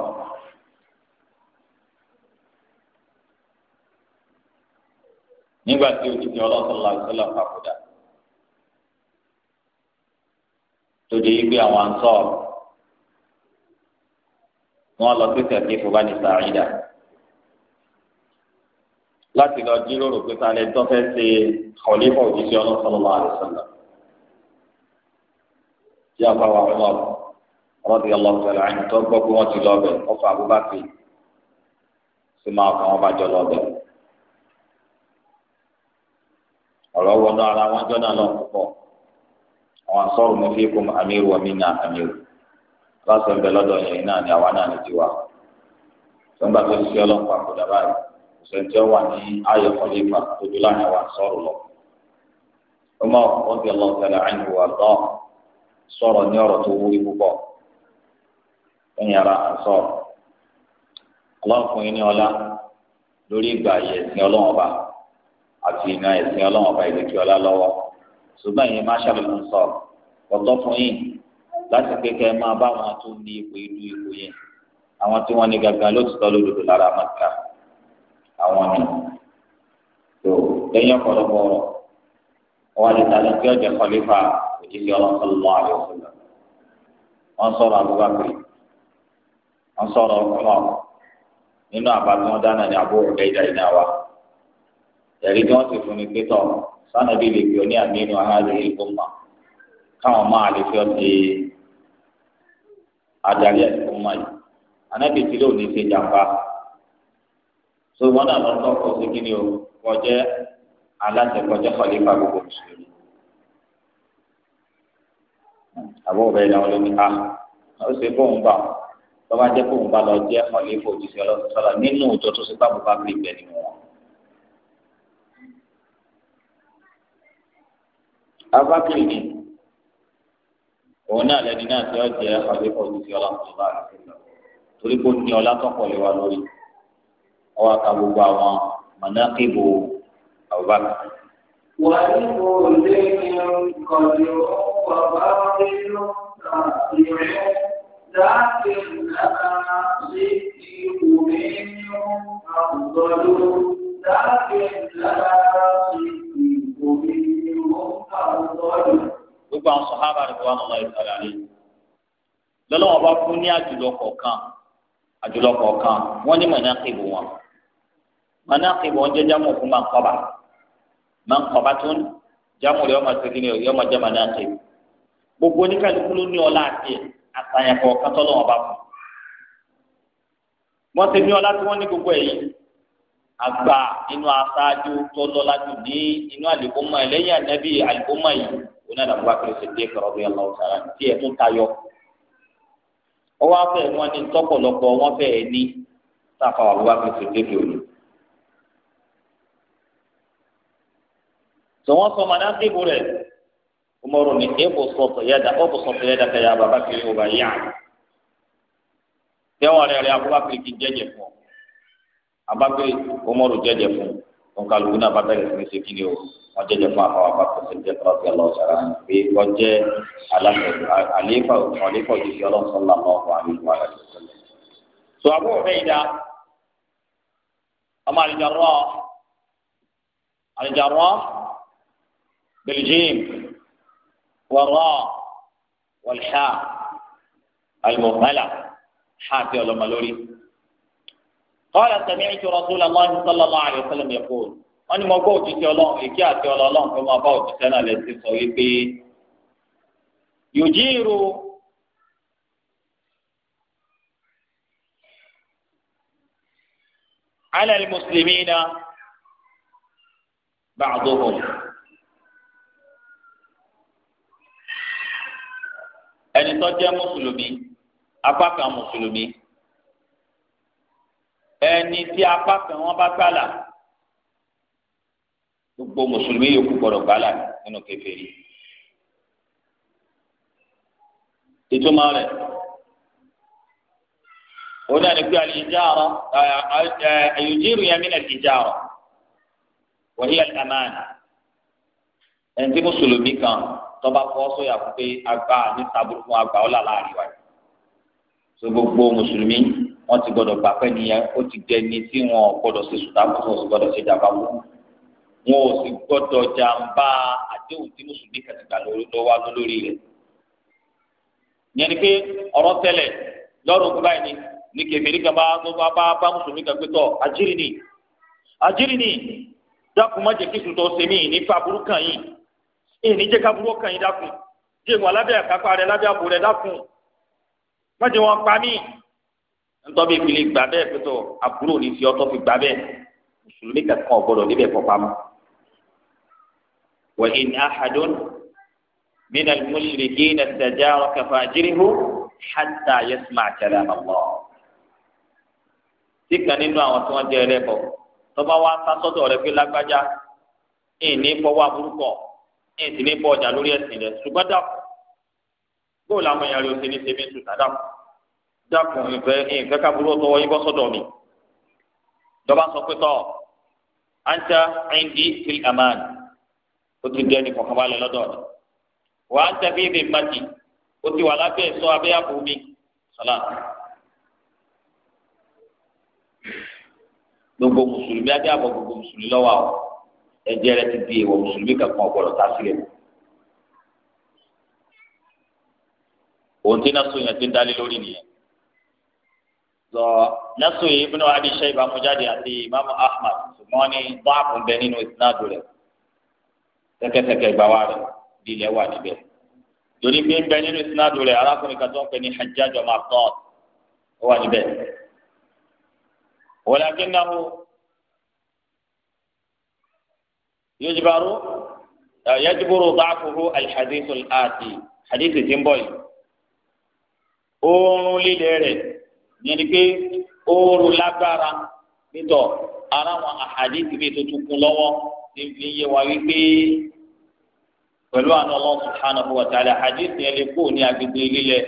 nígbà tí òjijì ọlọ́sọ̀lá ìṣẹ̀lẹ̀ papòdà tó di igbe àwọn àǹsọ̀ wọn lọ sí tẹ̀sí fúbáni sàrídà láti lọ jíròrò pé ta lẹ tó fẹ́ ṣe kọ̀lífọ̀ òjijì ọlọ́sọ̀lá ìṣẹ̀lẹ̀ tí a bá wà fún ọ̀rọ̀. rọ́bì ọlọ́ọ̀tẹ̀lá ẹni tó gbọ́ pé wọ́n ti lọ bẹ̀ ọkọ̀ abúbáfì sì máa kàn wọ́n bá lọ bẹ̀. ọ̀rọ̀ wọnú ara wọn jọ náà lọ púpọ̀ àwọn asọ́rù mi fi kún ti lẹ́yìn ara àṣọ ọlọ́run fún yín ní ọlá lórí ìgbà ayé ẹ̀sìn ọlọ́run ọba àti ìná ẹ̀sìn ọlọ́run ọba ìlẹ̀kí ọlá lọ́wọ́ ṣùgbọ́n ìyẹn máa ṣàbẹ̀wò sọ ọ̀tọ̀ fún yín láti pé kẹ́ ẹ máa bá wọn tó ní ipò ìlú ipò yẹn àwọn tí wọ́n ní gangan ló ti tọ́ lódodo lára màkà àwọn ni tó lẹ́yìn ọ̀pọ̀lọpọ̀ wọn ni tani tí ọjà kọlífà òjijì wọn sọ̀rọ̀ ọmọ nínú àbá tí wọn dáná ní àbúrò ẹ̀dá iná wa ẹ̀rí tí wọn sì fún mi pé tọ sanabi lè fi ọ ní àmì inú aráàlú yìí kó mọ káwọn máa lè fi ọ ti adarí ẹ̀kọ́ mọ yìí anabi tí ló ní ṣe jàmbá so wọn náà lọ sọkọ sí kí ni o kọjẹ aláṣẹ kọjẹ kọlífà gbogbo mùsùlùmí àbúrò ẹ̀dá wọn ló ní a ah, ó ṣe fóun bá wọn bàbá jẹ́ kó ń bá lọ jẹ́ ọ̀lẹ́fọ̀ òjíṣẹ́ ọlọ́run sọ̀rọ̀ nínú ìjọ tó ṣe bá bàbá fi gbẹ̀ nínú wọn. abákìrì ni òun náà lẹni náà tí ó jẹ́ ọ̀lẹ́fọ̀ òjíṣẹ́ ọlọ́run tó bá rẹ̀ torí kó ní ọlá tó pọ̀ lé wa lórí ọwọ́ àka gbogbo àwọn mọ̀nàkìbò abubakar. wà á ní kò lè ní ọkọ̀ ìrọ̀ bàbá nínú àti ìrọ̀ ذاكر لنا صديق منهم أفضل ذاكر لنا صديق منهم أفضل gbogbo àwọn sọ̀hábà rẹ̀ wà lọ́la ìsàlẹ̀ àlẹ́ lọ́lọ́wọ́ bá fún ní àjùlọ kọ̀ọ̀kan àjùlọ kọ̀ọ̀kan wọ́n ní mọ̀nàkìbù wọn mọ̀nàkìbù wọn jẹ́ jámù fún mọ̀nkọ́bà mọ̀nkọ́bà tó ń jámù rẹ̀ ọmọ ṣẹ́gi ni ọ̀yọ́ ọmọ jẹ́ mọ̀nàkìbù gbogbo oníkàlùkù ló ní ọlá àti ẹ̀ àtàyàn kọ̀ọ̀kan tọ́lọ̀ wọn bá fún wọn ti ní ọlá tí wọ́n ní gbogbo ẹ̀yìn àgbà nínú aṣáájú tó lọ́lájú ní inú àlìkómà ẹlẹ́yìn ànábì àlìkómà yìí oní àdàbọ̀ akérèsè dé kọ̀rọ̀bù yàrá ọ̀sára tí ẹ̀ tún tayọ. ọwọ́ afẹ́ wọn ní tọ́pọ̀lọpọ̀ wọn fẹ́ ẹ ní sáfà àbúrò akérèsè dé kí òní. tòwọ́n sọ màdá síbò rẹ̀ umaru ni ebusọtọ yada ọbusọtọ yada ka ya abubakar yóò bá yá tẹwọn rẹ rẹ abubakar kì í jẹjẹ fún abubakar umaru jẹjẹ fún nkaluku náà bàtà yẹn fún sekini o wọn jẹjẹ fún afawọn abakar sẹjẹ tọrọsì ọlọsàrà pé wọn jẹ aláfẹ àléfà ọlẹfà òjijì ọlọsọlá ọkọ àlejò àlejò sọlẹ. sọ abúlé bẹ́ẹ̀ dá ọmọ àlejò àrùn àlejò àrùn bẹlẹjìn. وراء والحاء المهملة حاء في علم قال سمعت رسول الله صلى الله عليه وسلم يقول أنا ما قلت في علم إكيا في علم كما قلت سنة لسيطة يجير على المسلمين بعضهم ẹni tó jẹ́ mùsùlùmí apá kan mùsùlùmí ẹni tí apá kan wọn bá gbàlà gbogbo mùsùlùmí yòókù gbọ́dọ̀ gbàlà nínú kèfèrí ìtumọ̀ rẹ̀ wọn náà ní pé alìjáàrọ àyùjírù yẹn mí nàìjíríà wọ́n yẹ àmàna ẹni tí mùsùlùmí kan tọ́ba fọ́ sóyà fún pé agbá ní sábúrú fún agbá ọ̀là láàrin wa yìí. so gbogbo mùsùlùmí wọn ti gbọ́dọ̀ gbà pé nìyẹn ó ti jẹ ní tí wọn ò gbọ́dọ̀ ṣe sùtà fún wọn ò sì gbọ́dọ̀ ṣe jàmbá wọn wọn ò sì gbọ́dọ̀ jàmbá àdéhùn tí mùsùlùmí kàti gbà lọ́wọ́ lórí rẹ̀. ìyẹn ni pé ọ̀rọ̀ tẹ́lẹ̀ lọ́rùn kúbá yìí ni kèfèrí kan bá bá bá mùsùlùmí kan pé tọ́ àjírí ni àjírí ni dákùn má jẹ́ kí sùtọ́ sẹ́mi ní fàbúrú kan yìí ìníjẹ́ kábúrò kàn yín dákun jẹ́ wọn lábẹ́ àkápá rẹ lábẹ́ àbò rẹ dákun má jẹ́ wọn pa mí ntọ́bi ìpìlẹ̀ gbà bẹ́ẹ̀ pẹ̀tọ́ àbúrò ní fi ọtọ́ fi gbà bẹ́ẹ̀ mùsùlùmí kankan ọ̀gbọ́dọ̀ níbẹ̀ kọ́ pamọ́. wa in ahadun min al-mushrikina istajaraka fa'jirhu hatta yasma' kalam Allah. tí kan nínú àwọn tí wọ́n jẹ́ ẹlẹ́bọ̀ tọ́ba wa sá rẹ pé lágbájá ìní fọwọ́ aburúkọ ẹ̀ sì ní bọ́ ọjà lórí ẹ̀sìn rẹ̀ ṣùgbọ́n dàpọ̀ bóò làwọn èèyàn rẹ̀ ò ṣe ní ṣebí tù sádàpọ̀ dàpọ̀ ìfẹ́ ìfẹ́ kábúrò tọwọ́ yín bọ́ sọ́dọ̀ mi dọ́ba sọ pé tọ́ anta indi fil aman ó ti dẹ́ni kọ̀ọ̀kan balẹ̀ lọ́dọ̀ rẹ̀ wà á ń tẹ́ bíi mẹ́tì ó ti wà lábẹ́ ẹ̀ṣọ́ abẹ́ ààbò mi sọ́lá. gbogbo mùsùlùmí adé àbọ̀ gbogbo mùsùlùmí lọ́wọ́ ẹ̀jẹ̀ rẹ ti di èèwọ̀ mùsùlùmí kankan ọgbọdọ tá sílẹ̀ òun tí nasu yẹn ti ń dálé lórí nìyẹn lọ nasu yìí Ibn Abi Shayba ìbámujáde àti imaamu ahmad ṣùgbọ́n ní báàkùn bẹ nínú ìsinádù rẹ tẹkẹtẹkẹ ìgbàwá rẹ bí ilẹ̀ wà níbẹ̀ torí pé ń bẹ nínú ìsinádù rẹ arákùnrin kan tó ń pè ní Hajjaj ọmọ àtọ́ ó wà níbẹ̀ wọlé akínnáwó. yóòjúbarú eh, yájúbúrú báàkúrú alḥadíṣu àti hadíṣu tí ń bọ̀ yìí oorun líle rẹ̀ yẹn ni pé oorun lágbára nítọ̀ ara wọn àhadíṣu bíi tuntun kún lọ́wọ́ ní fi yé wa wípé pẹ̀lú àna ọlọ́run subhanahu wa ta'ala hadíṣu yẹn lè kú ní agbègbè líle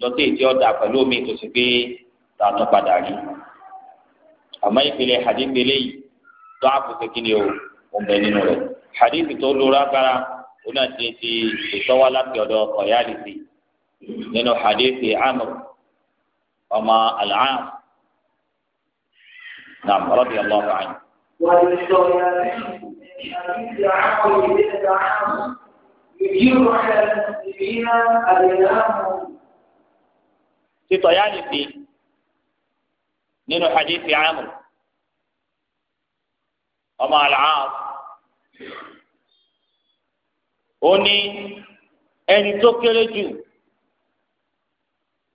lọ́tẹ̀ tí ọ̀dà pẹ̀lú omi tó sì pé tààtọ̀ padà rí àmọ́ ìpele hadíṣu eléyìí tó àbùkù kí ni o. ọmọbẹ nínú rẹ̀ hadithi tó lura agbára ó náà ti ti ìtọ́wá láti ọ̀dọ̀ kọ̀yálìsì nínú hadithi amr ọmọ alaam naam rọ́bì ọlọ́ọ̀fà yìí. Títọ̀ yá nìfi nínú hadithi amr. ọmọ àlàáf ó ní ẹni tó kéré jù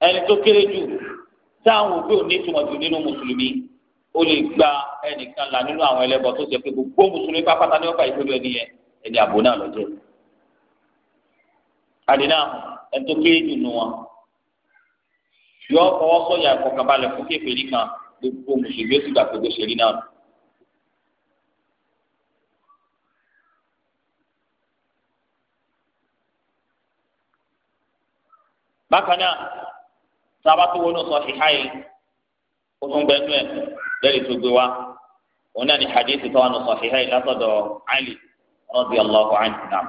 ẹni tó kéré jù táwọn òbí ò ní ìtumọ̀ jù nínú mùsùlùmí ó lè gba ẹnìkan là nínú àwọn ẹlẹ́bọ tó ṣe pé gbogbo mùsùlùmí pápátá ní ọgbà ìpínlẹ̀ ẹni yẹn ẹni àbò náà lọ́jọ́ àdínà ẹni tó kéré jù nù wọn yọ ọwọ́ sọ̀yà ìfọkànbalẹ̀ fún kékeré kan gbogbo mùsùlùmí ó sì gbà pé bó rí náà bákan náà sábà tó wọnú Sahihayn ó tún gbẹnu ẹ lẹ́yìn tó gbé wa òun náà ní hadith tó wà ní Sahihayn látọ̀dọ̀ Ali radiyallahu anhu náà.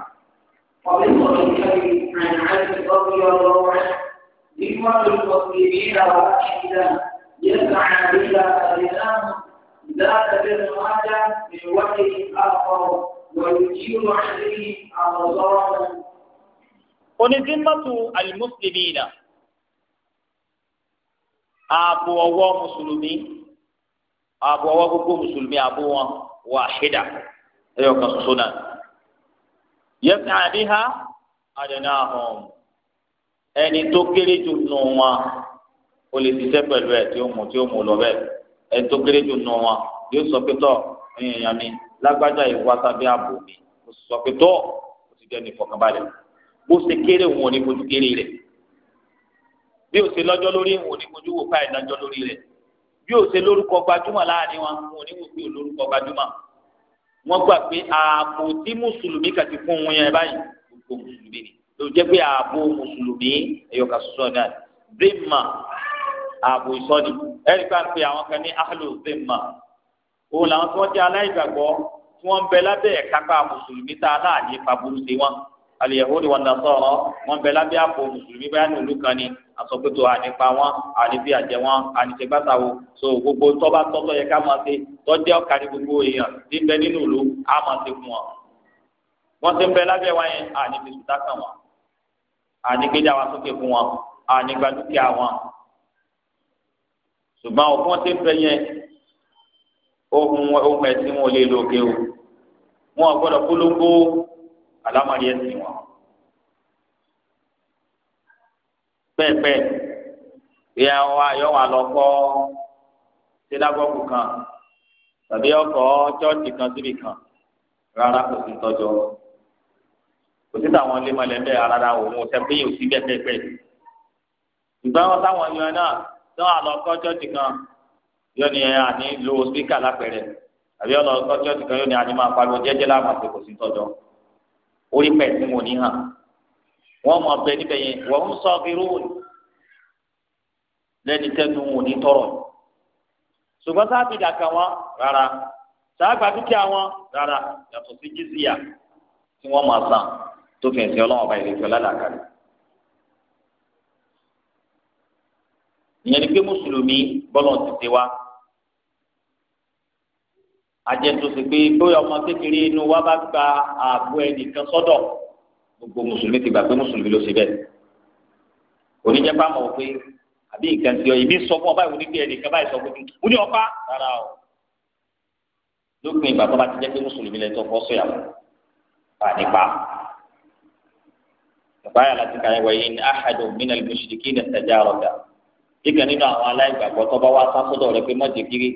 ويجيب عليه اعظاما onídìmọ́tò alimusulmi ìlà ààbò ọwọ́ mùsùlùmí ààbò ọwọ́ gbogbo mùsùlùmí ààbò wọn wàhídà ẹ̀yọ̀ kan ṣoṣo náà yẹsẹ àdìhà àdìhà hàn ẹni tó kéré jù nù wọn o lè ṣiṣẹ́ pẹ̀lú ẹ̀ tí ó mú tí ó mú lọ bẹ́ẹ̀ ẹni tó kéré jù nù wọn yóò sọ pé tọ́ ẹ̀yìn ìyá mi lágbájá ìwà sábẹ́ ààbò mi o sọ pé o ti dẹ́ni ìfọ̀kànbalẹ̀ bó ṣe kéré òun ò ní fojú kéré rẹ̀ bí ó ṣe lọ́jọ́ lórí òun ò ní fojú wò káì lọ́jọ́ lórí rẹ̀ bí ó ṣe lórúkọ gbajúmọ̀ láàrin wọn òun ò ní wò olórúkọ gbajúmọ̀ wọ́n gbà pé ààbò tí mùsùlùmí kàti fún wọn yẹn báyìí gbogbo mùsùlùmí ni ló jẹ́ pé ààbò mùsùlùmí ẹ̀yọ̀kà sọ náà zimma ààbò ìsọ́ni ẹ̀rí bá ń àwọn kan ní ahlu zimma òun làwọn tí wọ́n jẹ́ aláìgbàgbọ́ tí wọ́n ń bẹ lábẹ́ ẹ̀kápá mùsùlùmí tá a láàyè pa burú sí wọn aliyahudi wa nasara wọn bẹ lábẹ́ àpò mùsùlùmí bá ní ìlú kan ni asọpẹtọ ànípa wọn àníbi àjẹ wọn àníṣẹgbàtàwò so gbogbo tọba tọtọ yẹ ká máa ṣe tọjẹ ọkàrí gbogbo èèyàn ti bẹ nínú ìlú á máa ṣe fún wọn wọn ti ń bẹ lábẹ́ wọn yẹn àníbi sùtá kan wọn ànígbèjà wa sókè fún wọn ànígbà wọn ṣùgbọ́n òfin ti ń bẹ ohun ohun ẹ̀sìn wọn o wọn ò gbọ́dọ̀ àlámọ̀rí ẹ̀sìn wọn. pẹ́ẹ́pẹ́ ìyá wa yọ wà lọ kọ́ sílágọ́gù kan tàbí ọkọ̀ chọ́ọ̀chì kan síbì kan rárá kò sí tọ́jọ́ kò sí táwọn ilé mọ̀lẹ́ bẹ́ẹ̀ rárá òun ọ̀sẹ̀ pé yóò sí pẹ́ẹ́pẹ́ ìgbà wọn táwọn èèyàn náà tí wọn àlọ́ kọ́ kan yóò ní àní lo spíkà lápẹ̀rẹ̀ àbí ọlọ́kọ́ chọ́ọ̀chì kan yóò ní àní máa pariwo jẹ́jẹ́ láàmú àti kò sí tọ́jọ́. orí pẹ̀ tí mo ní hàn wọ́n mọ̀ bẹ níbẹ̀ yẹn wọ́n ń sọ fi rúwò lẹ́ni tẹ́nu ní tọrọ ṣùgbọ́n sáàbì dàkà wọn rárá sáàgbà dúkìá wọn rárá yàtọ̀ sí jizíyà tí wọ́n máa san tó fi ẹ̀sìn ọlọ́wọ́n ọba ìrètí ọlálàkàrẹ́. ìyẹn ni pé mùsùlùmí bọ́lọ̀ ti ajẹ́tòsí pé bóyá ọmọ kékeré inú wa bá gba ààbò ẹnìkan sọ́dọ̀ gbogbo mùsùlùmí ti gbà pé mùsùlùmí ló ṣe bẹ́ẹ̀ oníjẹ́pá mọ̀ pé àbí nǹkan ti ọ ìbí sọ fún ọ báyìí onígbé ẹnìkan báyìí sọ fún mi ó ní ọpá rárá o lópin ìgbà tó bá ti jẹ́ pé mùsùlùmí lẹ́tọ́ fọ́ sọ̀yàwó bá nípa báyà láti kàyẹ̀ wáyé ní ahadu min al-mushrikina istajaraka bí kan nínú àwọn aláìgbàgbọ́ tó bá wá sásọ́dọ̀ rẹ pé mọ̀jẹ̀kiri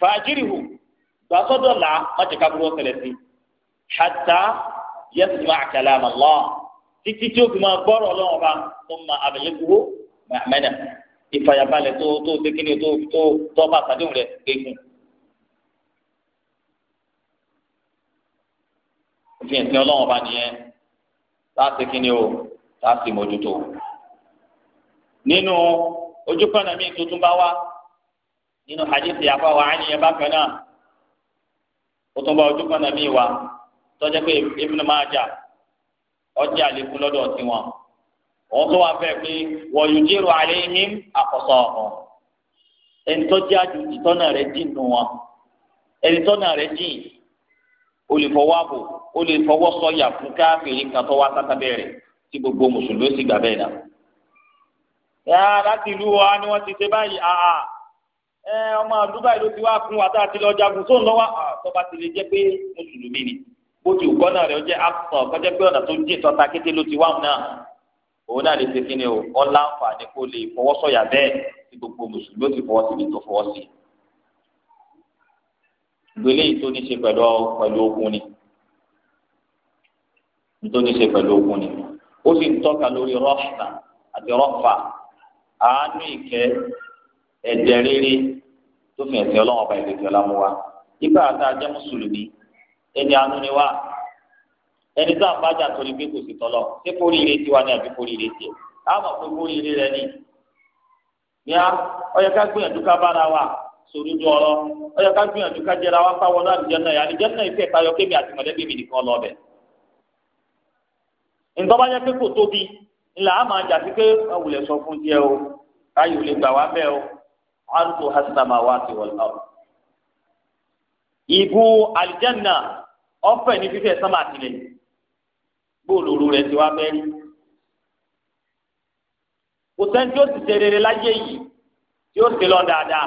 fàájìrìhù gbàsọ́dọ̀ là májèká burú ọ̀sẹ̀lẹ̀ sí hatta yasma' kalam Allah títí tí ó fi máa gbọ́rọ̀ ọlọ́run ọba tó máa àbẹ̀yẹ́kúwó mẹ́mẹ́dà ìfàyàbalẹ̀ tó tó sékìní tó tó tó bá sàdéhùn rẹ̀ gbẹ̀gùn. fi ẹ̀sìn ọlọ́run ọba nìyẹn láti kíni o láti mójútó. nínú ojúkọ̀nà míì tuntun bá wá nínú hadith yàfa wa ani yẹn bákan náà o tún bá ojú kan náà míì wa tọ́jà pé Ibn Majah ọjà àlékún lọ́dọ̀ tiwọn wọn tó wà fẹ́ pé wọ́n yóò jẹ́rọ alayhim àkọ́sọ́ ọ̀hún ẹni tó jẹ́ àjòjì tọ́nà rẹ̀ dín nù wọn ẹni tọ́nà rẹ̀ dín o lè fún káfíìrì kan tó wá sáta bẹ́ẹ̀rẹ̀ tí gbogbo mùsùlùmí sì gbà bẹ́ẹ̀ náà. yàrá láti ìlú wa ni wọ́n ti ṣe báyìí àà ọmọ àdúgbò ìlú ti wá fún wa tá a ti lọ jagun tó ń lọ wá àtọ́ba ti lè jẹ́ pé mùsùlùmí ni bó ti òkọ́ náà rẹ̀ ó jẹ́ àpọ̀ kọjá pé ọ̀nà tó ń jẹ́ tọ́ta kété ló ti wá òun náà òun náà lè ṣe kí ni o wọ́n láǹfààní kó lè fọwọ́sọ̀yà bẹ́ẹ̀ tí gbogbo mùsùlùmí ó ti fọwọ́ síbi tó fọwọ́ sí. gbélé yìí tó ní ṣe pẹ̀lú ogun ni tó ní ṣe pẹ̀lú ogun ni ó sì ń tọ́ka lórí rọ́fà àti rọ́fà àánú ìkẹ́ ẹ̀jẹ̀ riri tó fi ẹ̀sìn ọlọ́run ọba ìdèkè mụwa mú wa ibà àti mùsùlùmí ẹni àánú ẹni tó àbájá torí pé kò sí ṣé ire tiwa ni àbí kó ire tiẹ̀ kó ire rẹ ni yá ọyọ ká gbìyànjú ká bára wa sórí ju ká gbìyànjú ká jẹra wa náà náà náà àti mi nìkan lọ bẹ ntọ́ba yẹ pé kò tóbi ńlá àjà sí pé àwùlẹ̀ sọ fún o káyọ̀ o. ardu hasamawati wal ard ìbú alìjẹ́nà ọ̀fẹ́ ní fífẹ́ sánmà tilẹ̀ bóòlù òru rẹ̀ ti wá bẹ́ẹ̀ rí kò sẹ́ni tí ó ti ṣe rere láyé yìí tí ó ti lọ dáadáa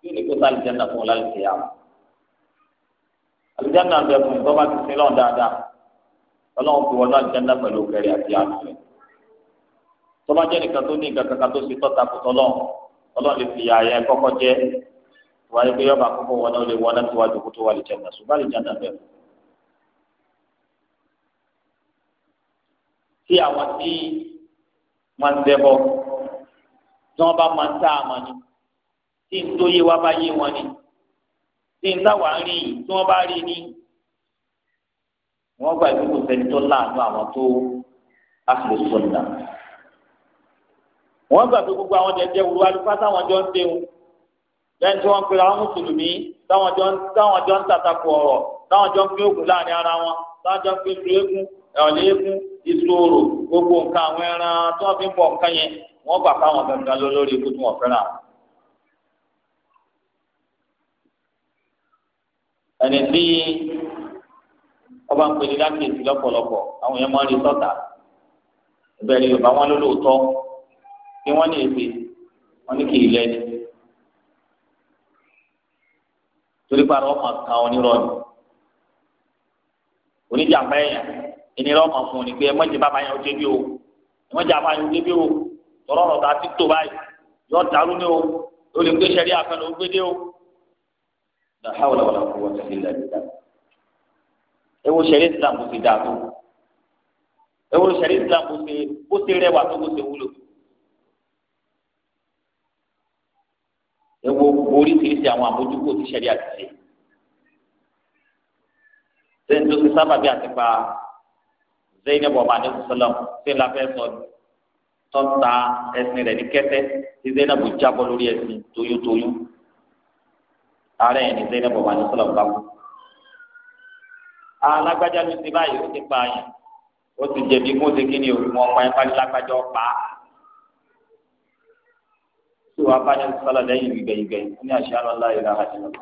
tí ó ní kó sá alìjẹ́nà fún lálùkẹ́ yàrá alìjẹ́nà bẹ fún un bá ti ṣe lọ dáadáa ọlọ́run fi wọnú alìjẹ́nà pẹ̀lú kẹrì àti àtúnṣe tó bá jẹ́ nìkan tó ní nǹkan kankan tó ṣe tọ́ta kò tọ́lọ́run ọlọ́run lè fi ààyè kọ́kọ́ jẹ́ wáyé pé yọba àkókò wọn náà lè wọ náà síwájú kó tó wà lè jẹ náà ṣùgbọ́n àlejò náà bẹ̀rẹ̀. tí àwọn tí wọ́n ń dẹ́bọ̀ tí wọ́n bá máa ń tá àmọ́ ni tí ń tó yé wá bá yé wọn ni tí ń táwa ń rí yìí tí wọ́n bá rí ni wọ́n gbà pé kò tó láàánú àwọn tó àfihàn wọ́n gbà pé gbogbo àwọn jẹjẹ wúru alùpàá táwọn jọ ń déhùn lẹ́yìn tí wọ́n pèrè àwọn mùsùlùmí táwọn jọ ń táwọn jọ ń tàtàkù ọ̀rọ̀ táwọn jọ ń pín òkú láàrin ara wọn táwọn jọ ń ìlú eégún eégún ìṣòro gbogbo nǹkan àwọn ọba ń pè ní lọ́pọ̀lọpọ̀ àwọn yẹn máa ń ṣé wọ́n ní èsì wọ́n ní kì í lẹ́ni torí pa àwọn ọmọ kan onírọ̀ ni oníjàmbá ẹ̀yà ìnira ọmọ fún ni pé ẹ mọ̀jẹ̀ bàbá yẹn ó débi o ẹ mọ̀jẹ̀ bàbá yẹn ó débi o tọrọ ọ̀rọ̀ ta ti tó báyìí yọ dàrú ni o ó lè gbé sẹ́rí àfẹnù ó gbé dé o. la hawla wala quwwata illa billah ẹ wo sẹ́rí Islam bó ti dáa tó ẹ wo sẹ́rí Islam bó ti rẹwà tó bó ti wúlò oríṣiríṣi àwọn àmójúkò ti ṣẹlẹ̀ àti ṣe sẹ́yìn tó ti sábà bí àti pa Zainab ọba àdéhùn sọlọm tí ńlá fẹ́ sọ tó ta ẹsìn rẹ̀ ní kẹ́tẹ́ tí Zainab jábọ́ lórí ẹsìn toyótoyó ààrẹ yẹn Zainab ọba àdéhùn sọlọm bá wù. alágbájá ló ti báyìí ó ti pa àyàn ó ti jẹ̀bi kó o ti kí ni òun ọmọ ẹ̀ pálí lágbájá ọ̀pá tí wàá bá yẹn sálà lẹ́yìn ìgbẹ̀yìngbẹ̀yìn ní àṣà lọ́la ìlà àdìyàn.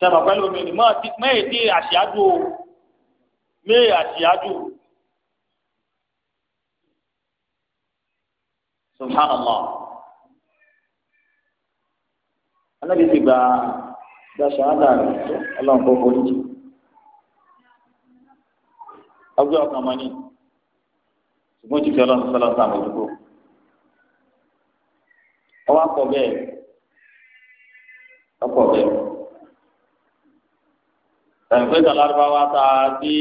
sábà pẹ̀lú omi ni mẹ́ẹ̀ dé àṣìájú o mẹ́ẹ̀ àṣìájú. subhanallah anabi ti gba gba ṣahada rẹ Ọlọ́run kò forí jù ọgbẹ ọkàn mọ ni ṣùgbọ́n ti fi Ọlọ́run sọlọ ọwọ́ akọ bẹ́ẹ̀ ọkọ bẹ́ẹ̀ tẹ̀síwéjà lárúbáwá ta bí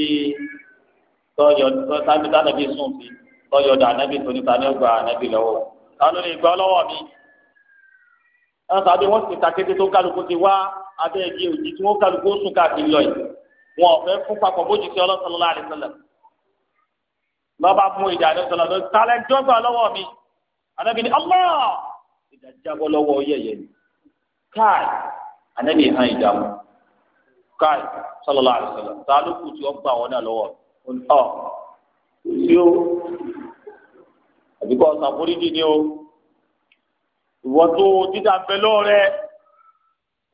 tọ́jọ́ sábì tánàbí sùn sí tọ́jọ́ dà ànábì tó níta ní ọgbà ànábì lọ́wọ́ kálọ́ lè gbọ́ lọ́wọ́ mi wọn sábẹ wọn sì ta kété tó kálukú ti wá abẹ́ ẹ̀jẹ̀ òjì tí wọ́n kálukú sùn káàkiri lọ yìí wọn ọ̀fẹ́ fún papọ̀ bójú sí ọlọ́sọ̀lọ́lá àdìsọ́lẹ̀ lọ́ba mú ìjà àdìsọ́lẹ̀ lọ sálẹ̀ jọ́gbà lọ́wọ́ mi àdàbí ni Allah ìjà jábọ́ lọ́wọ́ yẹ̀yẹ̀ ni káì ànábì hàn ìdààmú káì sallallahu alaihi wasallam ta ló kù tí ó gbà wọn náà lọ́wọ́ ọ tí ó àbíkọ sàmúrídìí ni ó ìwọ tó dídà bẹ lọ́rẹ́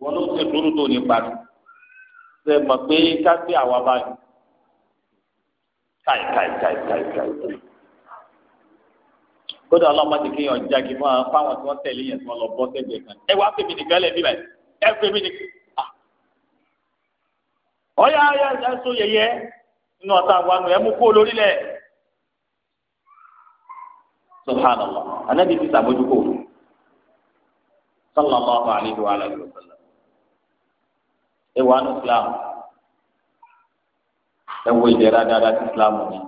wọn ló ti dúró tó ní parí ṣe mọ̀ pé ká gbé àwa báyìí káì káì káì káì káì kódà ọlọ́mọdé kéèyàn jáde fún àwọn fáwọn tí wọ́n tẹ̀lé yẹn tí wọ́n lọ bọ́ sẹ́gbẹ̀ẹ́ kan ẹ wá fèmí nìkan lẹ́bí rẹ̀ ẹ fèmí nìkan. ọ̀yà ayé ẹ sọ yẹyẹ nínú ọ̀tá wa nù ẹ mú kó lórí lẹ̀. subhanallah anabi ti sàbójúkò sallallahu alayhi wa alayhi wa sallam ẹ wà nù islam ẹ wọ ìdẹ̀ra dáadáa sí islam ni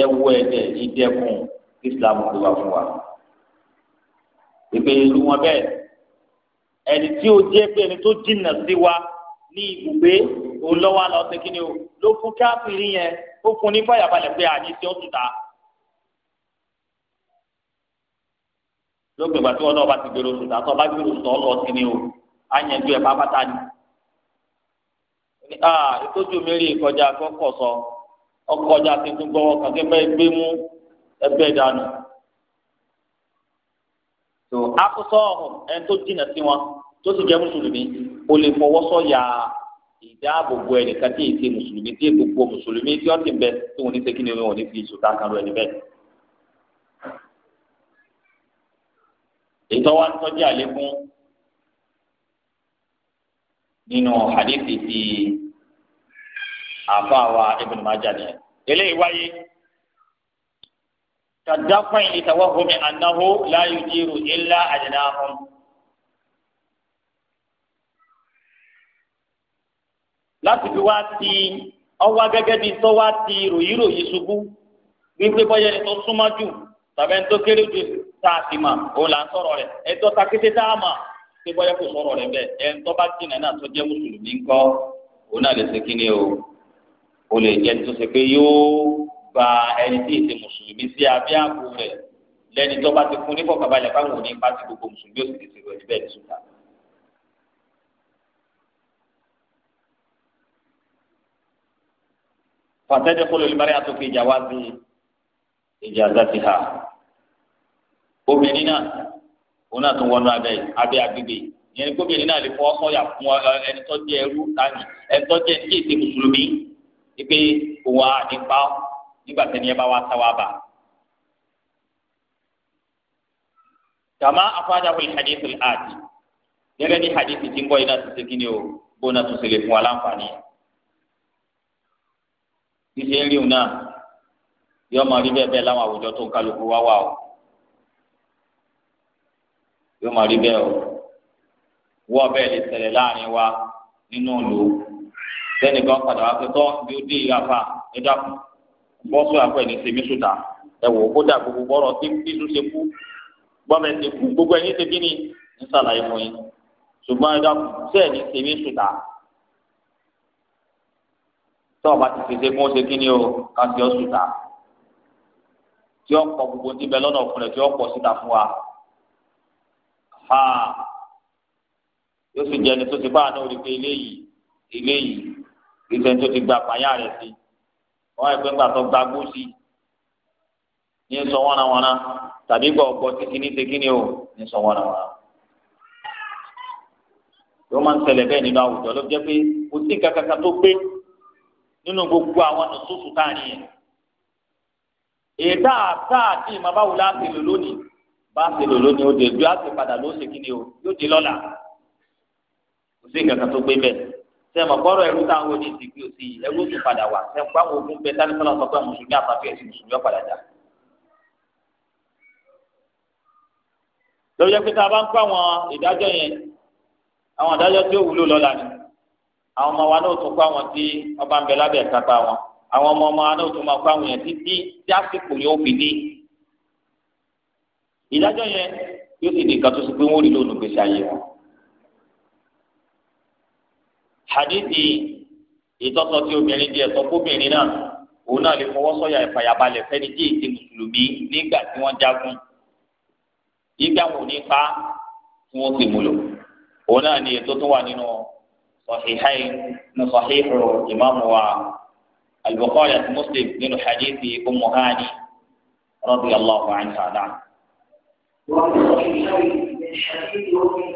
ẹ wọ ẹ̀dẹ̀ ìdẹ̀kùn islam tó wà fún wa ìpè ìlú wọn bẹ́ẹ̀ ẹni tí ó jẹ́ pé ẹni tó jìnnà sí wa ní ibùgbé òun lọ́wọ́ àlọ́ ṣe kíni o ló fún káfíìrì yẹn ó fún ní fàyàbalẹ̀ pé àní tí ó tù ta. lópin ìgbà tí wọn náà bá ti gbèrò sùn tàbí ọba gbèrò sùn ọlọ sí ni o á yẹn ju ẹ pápátá ni. Ah, ìtọ́jú mi rí ìkọjá akọ́kọ̀ sọ ọkọjá tuntun gbọ́wọ́ kàkẹ́ bẹ́ẹ̀ gbé mú ẹgbẹ́ ìdánù tó akótó ọ̀hún ẹni tó dínà sí wọn tó sì jẹ́ mùsùlùmí o lè fọwọ́ sọ̀yà ìdáàbòbò ẹnìkan tí èsì mùsùlùmí tí gbogbo mùsùlùmí tí wọ́n ti bẹ tó wọn ní sẹ́kí ni wọn ní fi ìṣòta kan lọ ẹni bẹ́ẹ̀. ìtọ́wá ń tọ́jú àlékún nínú hadithi ti àfáà wa Ibn Majah ni eléyìí wáyé. كدفع لتوهم أنه لا يجير إلا أدناهم láti fi wá ti ọwọ́ gẹ́gẹ́ bíi tó wá ti ròyìnròyìn ṣubú wípé bọ́yá ẹni tó súnmọ́ jù tàbí ẹni tó kéré jù tá a ti mà òun là ń sọ̀rọ̀ rẹ̀ ẹni tó ta kété tá a mà pé bọ́yá kò sọ̀rọ̀ rẹ̀ bẹ́ẹ̀ ẹni tó bá jìnnà náà tó jẹ́ mùsùlùmí ńkọ́ òun náà lè ṣe kí ni o ò lè jẹ́ tó ṣe pé yóò gba ẹni tí èsì mùsùlùmí sí abẹ́ ààbò rẹ̀ lẹ́ni tó bá ti fún ní fọkànbalẹ̀ báwọn ò ní ipa ti gbogbo mùsùlùmí òsì ti rẹ̀ níbẹ̀ nísùtà. fàtẹ́jọ́ kó lórí bárí àtòkè ìjà wá sí ìjà àzáti ha obìnrin náà òun náà tún wọnú abẹ́ abẹ́ agbègbè ìyẹn ni gómìnà náà lè fọwọ́ sọ̀yà fún ẹni tó jẹ́ ẹrú tani ẹni tó jẹ́ ní èsì mùsùlùmí nígbà tẹ́ni ẹ bá wá sáwá bá. kàmá afájáwé hadith al-adi gẹ́gẹ́ ní hadith tí ń bọ̀ iná tuntun kí ni o bóná tuntun lè fún wa láǹfààní. ṣíṣe ń ríun náà yóò máa rí bẹ́ẹ̀ bẹ́ẹ̀ láwọn àwùjọ tó ń kálukú wá wà o yóò máa rí bẹ́ẹ̀ o wọ́ọ̀ bẹ́ẹ̀ lè ṣẹlẹ̀ láàrin wa nínú ìlú sẹ́nìkan padà wá pé tọ́ bí ó dé ìyá fa ẹ dákun bọ́sù àpẹ ní sèmísùtà ẹ wò kódà gbogbo bọ́rọ̀ tí bísú ṣe kú gbọ́mẹ̀ ṣe kú gbogbo ẹni ṣe kíni ń ṣàlàyé fún yín ṣùgbọ́n ẹ̀dá sẹ́ẹ̀ ní sèmísùtà tọ́ ọba ti ṣèṣe kó ṣe kíni o ká ṣe ọ́ sùtà tí ó pọ̀ gbogbo níbẹ̀ lọ́nà ọ̀fun tí ó pọ̀ síta fún wa yóò sì jẹ́ ẹni tó ti bá àná òrìṣẹ́ ilé yìí ilé yìí ìṣẹ́ni tó ti gba àpáyà rẹ̀ sí i wọn yẹ pé gbàtọ gba gbósì ní sọ wọnawọna tàbí gbọ ọgbọ títí ní tekini o ní sọ wọnawọna yóò máa ń ṣẹlẹ̀ bẹ́ẹ̀ nínú àwùjọ ló jẹ́ pé kò sí kankanka tó pé nínú gbogbo àwọn nùsùsù táàrin yẹn èdè àtàà tí ìmọ̀báwo láti lò lónìí bá ti lò lónìí ó dé ju àti padà ló ṣe kí o yóò di lọ́la kò sí kankan tó pé bẹ́ẹ̀ sẹ́mi ọ̀kọ́rọ̀ ẹ̀rú táwọn wo ní ìdìgbì òsì yìí ẹ̀rú tún padà wá sẹ́mi báwo ogun bẹ tani sọ́nà sọ pé mùsùlùmí àtàkùn ẹ̀sìn mùsùlùmí ọ̀padà dà. lórí ẹgbẹ́ tá a bá ń kó àwọn ìdájọ́ yẹn àwọn ìdájọ́ tí ó wúlò lọ́la ni àwọn ọmọ wa náà tún kó àwọn tí ọba ń bẹ lábẹ́ ẹ̀ka pa wọn àwọn ọmọ ọmọ wa náà tún máa kó àwọn yẹn títí tí àsìkò yóò fi dé ìdájọ́ yẹn yóò sì di nǹkan tó sì pé wọ́n rí hadithi ìtọ́sọ tí obìnrin di ẹ̀sọ́ kóbìnrin náà òun náà lè fọwọ́ sọ̀yà ìfàyàbalẹ̀ fẹ́ni tí èsì mùsùlùmí nígbà tí wọ́n jagun yígbà wọn ò ní pa tí wọ́n sì múlò òun náà ni ètò tó wà nínú sọ̀híháì ní sọ̀híhù ìmáàmù wa al àti Muslim nínú hadithi Ummu Hani radiyallahu anha náà. وفي صحيحين من حديث ابن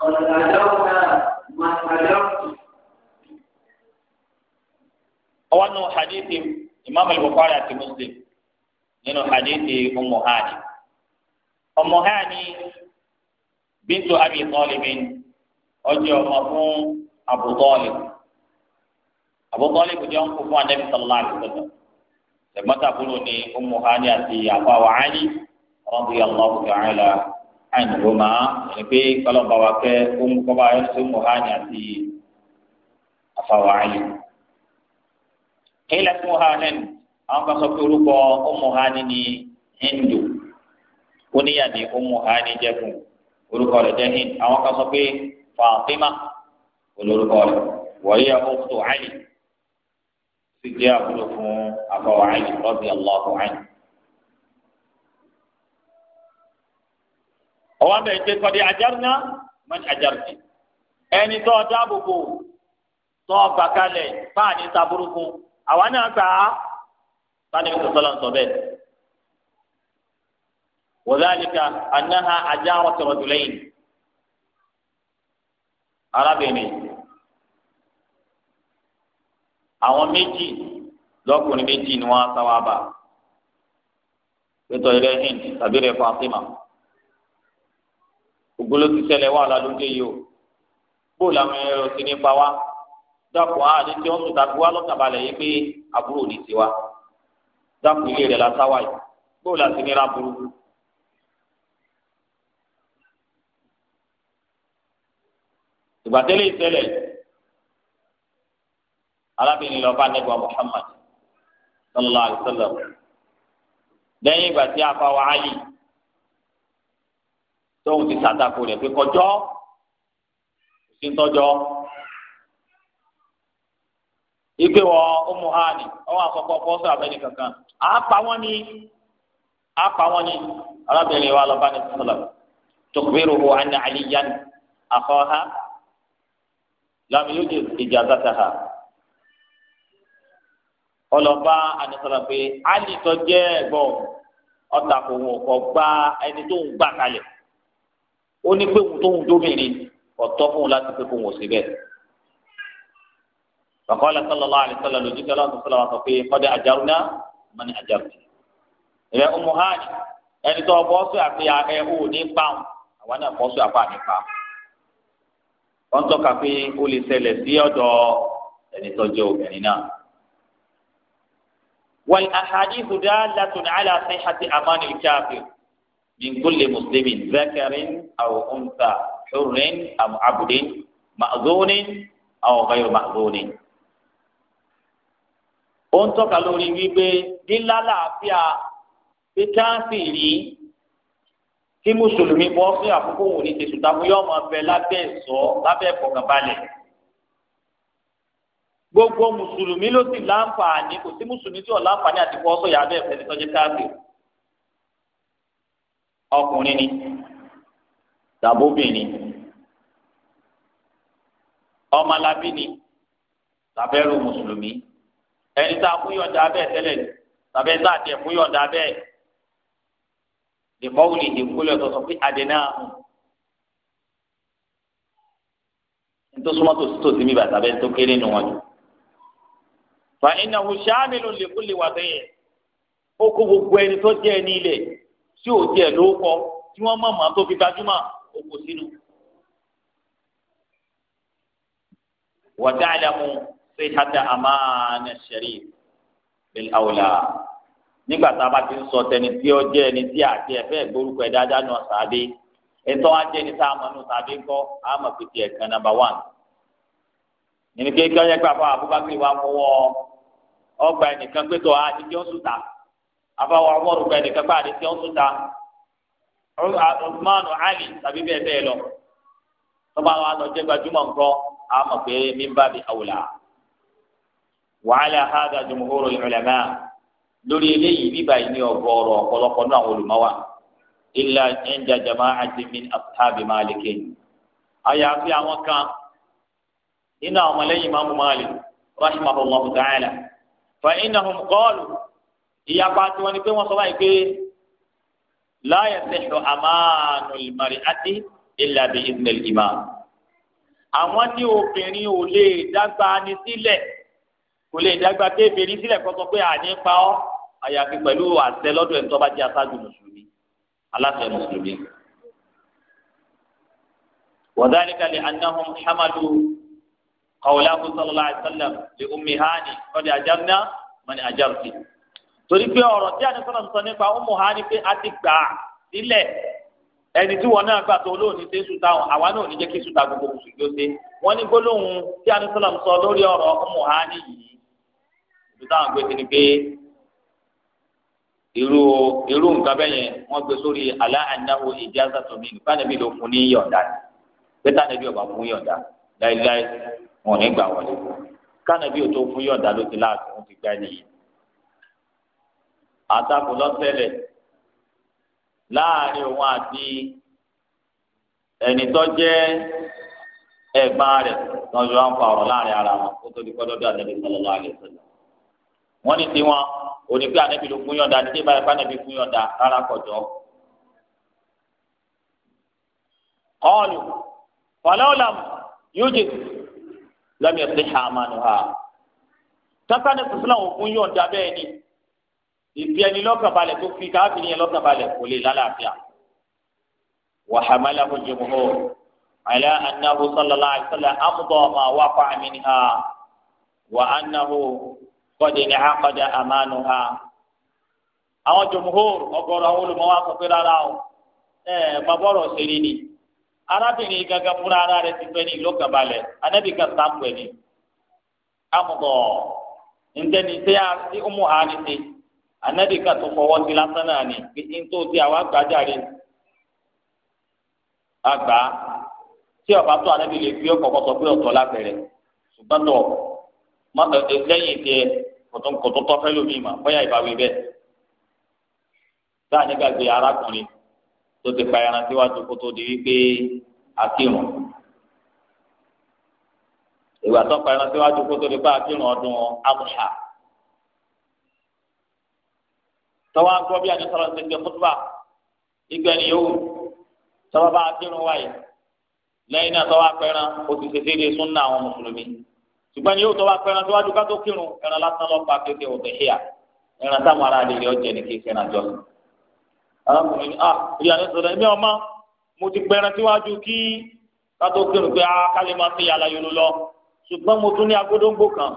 قال ọwọ́ nù hadithi imam al-bukhari àti muslim nínú hadithi ummu hani ummu hani bintu abi talibin ọjọ́ ọmọ fún abu talib abu talib jẹ́ ń kó fún anabi sallallahu alayhi wa sallam ṣẹ̀gbọ́n tàbúrò ní ummu hani àti àbáwá ali radiyallahu ta'ala àìmọ̀lọ́mà ẹni pé kọ́lọ́mbà wa kẹ́ kọ́ba ẹ̀sùn mọ̀hánì àti àfàwà ayé. kílẹ̀ fún hànẹ́n àwọn kan sọ pé orúkọ ọmọhánì ni hindu oníyà ni ọmọhánì jẹ́ fún orúkọ rẹ̀ jẹ́ hind àwọn kan sọ pé fàtímà olórúkọ rẹ̀ wọ̀nyí ọkùnrin ayé sì jẹ́ àbúrò fún àfàwà ayé rọ́bì aláàbò ayé. ọwọ́ abẹ́ ìpè kọ́dí ajarna mọ́ni ajarti ẹni tó ọ dáàbòbò tó ọ bà kalẹ̀ báà ní saburukun àwa náà gbà á sani bí sọsọlá ń sọ bẹ́ẹ̀. وذلك أنها أجارة رجلين arábìnrin àwọn méjì lọ́kùnrin méjì ni wọ́n á sáwá bá pétọ́ ilé hind tàbí rẹ̀ ògbóló ti ṣẹlẹ̀ wà ládùúgbò yìí o bóòlù àwọn ẹ̀rọ ti ní pa wá dàpọ̀ àdé tí wọ́n tún ta gbówá lọ́tàbalẹ̀ yìí pé àbúrò ní tiwa dàpọ̀ ilé rẹ̀ lásáwá yìí bóòlù àti nira burú. ìgbàtẹ́lẹ̀ ìṣẹ̀lẹ̀ arábìnrin lọ́ba nẹ́gbà Muhammad sallallahu alayhi wa sallam lẹ́yìn ìgbà tí a fa wa tóun ti sàtakò rẹ̀ pé kọjọ́ sí tọ́jọ́ ìpè wọ ọmọ ni, ọwọ́ àkọ́kọ́ fọ́sọ abẹ́ni kankan àápa wọn ni àápa wọn ni arábìnrin wa lọ́ba ní sọ́lá tókùbẹ́rù wo àná àlìyá àkọ́ ha làmì yóò di ìjà zata ha ọlọ́ba ànisọ́lá pé àlìtọ́jẹ́ ẹ̀gbọ́n ọ̀tàkùn òkò gba ẹni tó ń gbà kalẹ̀ ó ní pé òun tó ń dómìnrin ọ̀tọ́ fún un láti pé kó wọn ò sí bẹ́ẹ̀. Bàkọ́lá sọlọ́lá àlùsọ́lá lójú tẹ́lá tó sọlá wa sọ pé kọ́dé àjàrúná mọ́ ní àjàrúná. Ìrẹ́ ọmọ hajj ẹni tó bọ́ sọ àfihàn ẹ ò ní pa ọ́n àwọn náà bọ́ sọ àfihàn ní pa Wọ́n tọ́ka pé ó lè ṣẹlẹ̀ sí ọ̀dọ̀ ẹni tó jẹ́ obìnrin náà. Wal ahadithu dallatun ala sihhati amani al-kafir. من كل مسلم ذكر أو أنثى حر أم عبد مأذون أو غير مأذون ó ń tọ́ka lórí wípé lílálàáfíà pé káfíìrì tí mùsùlùmí bọ́ fún àkókò òun ní tẹ̀sùn tàbí yóò máa bẹ lábẹ́ ìṣọ́ lábẹ́ ìfọ̀kànbalẹ̀ gbogbo mùsùlùmí ló sì láǹfààní kò sí mùsùlùmí tí ò láǹfààní àti fọ́ sọ̀yà abẹ́ ìfẹ́ tí tọ́jú káfíìrì ọkùnrin ni tàbóbìnrin ọmọlábí ni tàbẹ́rù mùsùlùmí ẹni tá a fún yọ̀ǹda bẹ́ẹ̀ tẹ́lẹ̀ tàbẹ́ tá a tẹ̀ fún yọ̀ǹda bẹ́ẹ̀ lèmọ́wùlì ìdìkúlẹ̀ tó sọ pé àdènà ntòsúnmọ́ tòsí tòsí mi bàtà bẹ́ẹ̀ tó kéré nù wọn jù fa iná hu sàmìlú lèkúlè wà bẹ́ẹ̀ ó kó gbogbo ẹni tó jẹ́ ẹni ilẹ̀. tí ò tiẹ̀ ló kọ tí wọn wọ́n mọ̀mọ́ tó fi gbajúmọ̀ òkò sínú. wàdàlẹ́mu ṣe àmàna ṣẹ̀rí bẹ́ẹ̀ nígbà tá a bá ti ń sọ tẹni tí ó ẹni ẹ̀dá dáná sàbí tá a mọ̀ nù sàbí ńkọ́ a mọ̀ pé nàmbà wán. nínú kékeré pàpà àbúgbàgbé wa ọgbà ẹnìkan pé tó a ti àbáwọ̀ ọmọdún gba ẹnìkan bá àdìsí ọ̀tún ta ọ̀gbọ́n ali sabi bẹ́ẹ̀ bẹ́ẹ̀ lọ tọ́ba wa lọ jẹ́ gbajúmọ̀ nǹkan a mọ̀ pé mímbà bíi àwòlà wàhálà hàdà jumhuru ulama lórí eléyìí ní ọgọ́rọ̀ ọ̀pọ̀lọpọ̀ náà àwọn min kan Imam Malik rahimahullahu ta'ala fa innahum qalu. ìyapa tí wọ́n ní pé wọ́n sọ báyìí pé láyé sèṣọ àmàánù ìmàrí àti ìlàbí ìdílé ìmà àwọn ní obìnrin ò lè dágbà ni sílẹ̀ kò lè dágbà tébèrè sílẹ̀ kó pé àní pa ọ́ àyàfi pẹ̀lú àṣẹ lọ́dọ̀ ẹ̀ tó jẹ́ aṣáájú mùsùlùmí aláṣẹ mùsùlùmí. وذلك لأنهم حملوا قوله صلى الله عليه وسلم لأم هاني قد أجرنا من أجرت torí pé ọ̀rọ̀ tí àdìsọ́nà sọ nípa ọmọ ha ni pé a ti gbà á sílẹ̀ ẹni tí wọn náà gbà tó olóòní ṣe sùta àwa náà ní jẹ́ kí sùta gbogbo mùsùlùmí ó ṣe wọ́n ní gbólóhùn tí àdìsọ́nà sọ lórí ọ̀rọ̀ ọmọ ha ni yìí sùta àwọn gbé sí ni pé irú irú nǹkan bẹ́ẹ̀ yẹn wọ́n gbé sórí alá ànáwó ìjáza mi nípa níbi ló fún ní yọ̀ǹda pé tánàbí ọba fún yọ̀ǹda láéláé wọn ò ní gbà wọlé kánàbí ò tó fún yọ̀ǹda ló ti láàtọ̀ ó ti gbá nìyí àtakò lọ́sẹ̀lẹ̀ láàrin òun àti ẹni tó jẹ́ ẹ̀gbọ́n rẹ̀ wọ́n jọ ń fa ọ̀rọ̀ láàrin ara wọn kó tó di kọ́ lọ́dọ̀ àtẹ̀lé sallallahu alaihi wasallam. wọ́n ní tiwọn òní pé ànábì ló fún yọ̀ǹda ní báyìí fánàbì fún yọ̀ǹda rárá kọjọ́. qalu falaw lam yujid lam yasiha amanuha. tọ́ka ní kùsùlà òun fún yọ̀ǹda bẹ́ẹ̀ ni ìfi ẹni lọ́kànbalẹ̀ tó fi káfíìn yẹn lọ́kànbalẹ̀ kò lè lálàáfíà. wàhámàlà kojú mu hó àlẹ́ anáhu sọlọ́lá àìsọlẹ̀ amúdọ̀ ọmọ wa kọ́ àmì ni ha wà ánáhu kọ́dé ni àkọ́dé àmánu ha. àwọn jòmùhóòrò ọgọ́rọ̀ àwọn olùmọ̀wá sọ pé rárá o ẹ mọ̀bọ́rọ̀ ṣeré ni arábìnrin gangan fúnra ara rẹ̀ ti fẹ́ ní ìlọ́kànbalẹ̀ anábìkan sáàpù ẹ̀ ni amúdọ̀ ntẹ́ni tẹ́yà sí ọmọ àánì tẹ́yà anabi kan tó fọwọ́ sí lásán náà ni pé n tó di àwọn agbájáre àgbà tí ọba tó anabi lè fi ọkọ̀ kọ́sọ́ pé ọ̀tọ̀ lábẹ́rẹ́ ṣùgbọ́n tó lẹ́yìn tiẹ̀ kòtò tọ́fẹ́ lómi mà bóyá ìbáwí bẹ́ẹ̀ sáà nígbàgbé arákùnrin tó ti pa ẹran síwájú kó tó di wípé akírun ìgbà tó pa ẹran síwájú kó tó di pé akírun ọdún amúhà tọ́wọ́ agbọ́ bí àti sọ̀rọ̀ ṣe ṣe fúdùbà ìgbẹ́ ni yòówù tọ́wọ́ bá kírun wáyé lẹ́yìn náà tọ́wọ́ apẹ́ran o ti ṣe déédéé súnà àwọn mùsùlùmí ṣùgbọ́n ni yóò tọ́wọ́ apẹ́ran síwájú ká tó kírun ẹran lásán lọ pa kéèké òtẹ̀ híà ẹran táwọn ará rẹ̀ yọ jẹ ní kéèké ẹran jọ. arákùnrin ah ìyá ni sọ̀rọ̀ ẹ̀mí ọmọ mo ti pẹran síwájú kí ká tó kírun pé ah kálí máa ṣe yàrá yòló lọ ṣùgbọ́n mo tún ní agbódóńgbò kan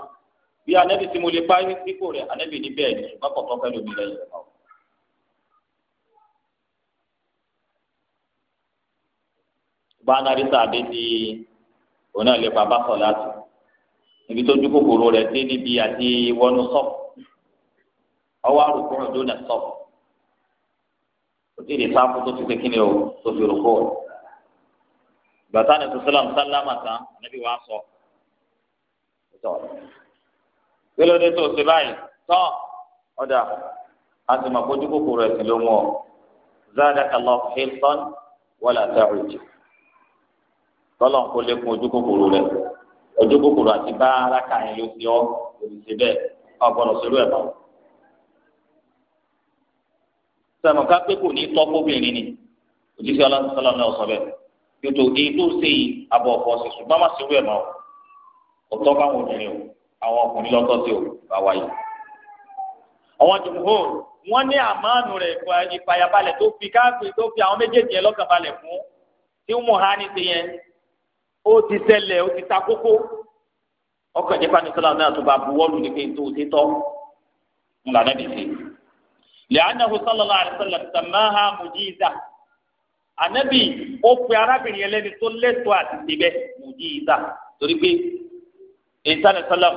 bí anẹ́bí tí mo lè pa ní sípò rẹ̀ anẹ́bí ní bẹ́ẹ̀ ni ṣùgbọ́n kọ̀ọ̀kan fẹ́ lómi lẹ́yìn rẹ̀ bánárì sàbẹ ti òun náà lè pa bá sọ láti ibi tó dúkòkòrò rẹ̀ dé níbi àti wọnú sọp ọwọ́ àrùkù rẹ dóná sọp ó ti lè sáfù tó ti kékeré o tó fi rò kó o gbàtà ní sọsọlám sálámà tán níbi wàá sọ kí ló dé tó o ṣe báyìí tán ọ̀dà àti màkójú kòkòrò ẹ̀sìn ló mú ọ záàdà kàlọ́ hilton wọlé àtàwọn ìjì kọlọ̀ ń kó lékun ojú kòkòrò rẹ̀ ojú kòkòrò àti bá aláka yẹn ló fi ọ́ òbí ti bẹ́ẹ̀ ọgbọ́dọ̀ sílùú ẹ̀ báwọn. sọ̀rọ̀ nǹkan pé kò ní tọ́ kóbìnrin ni òjíṣẹ́ ọlọ́sọ̀lọ́ náà sọ bẹ́ẹ̀ yòtò èyí tó ṣe yìí abọ́ ọ̀pọ̀ ṣe ṣùgbọ́n má sílùú ẹ̀ mọ́ ọ̀tọ́ báwọn obìnrin o àwọn ọkùnrin lọ́tọ́ sí o bá wáyé. àwọn jùmùhó wọn ní àmánu rẹ̀ ìfàyàbalẹ̀ tó fi káàpì tó fi àwọn méjèèjì yẹn lọ́kànbalẹ̀ fún tí mo há ní ti yẹn ó ti ṣẹlẹ̀ ó ti ta kókó ọkàn nípa ní sọlá náà tó bá buwọ́lù ní pé ti tọ́ ńlá nàbì sí. lẹ́yìnáhu sallallahu alaihi wasallam sàmáhà mùjíìzà ànábì ó pe arábìnrin ẹlẹ́ni tó lẹ́tọ̀ọ́ àti síbẹ̀ mùjíìzà torí pé ìsàlẹ sálàm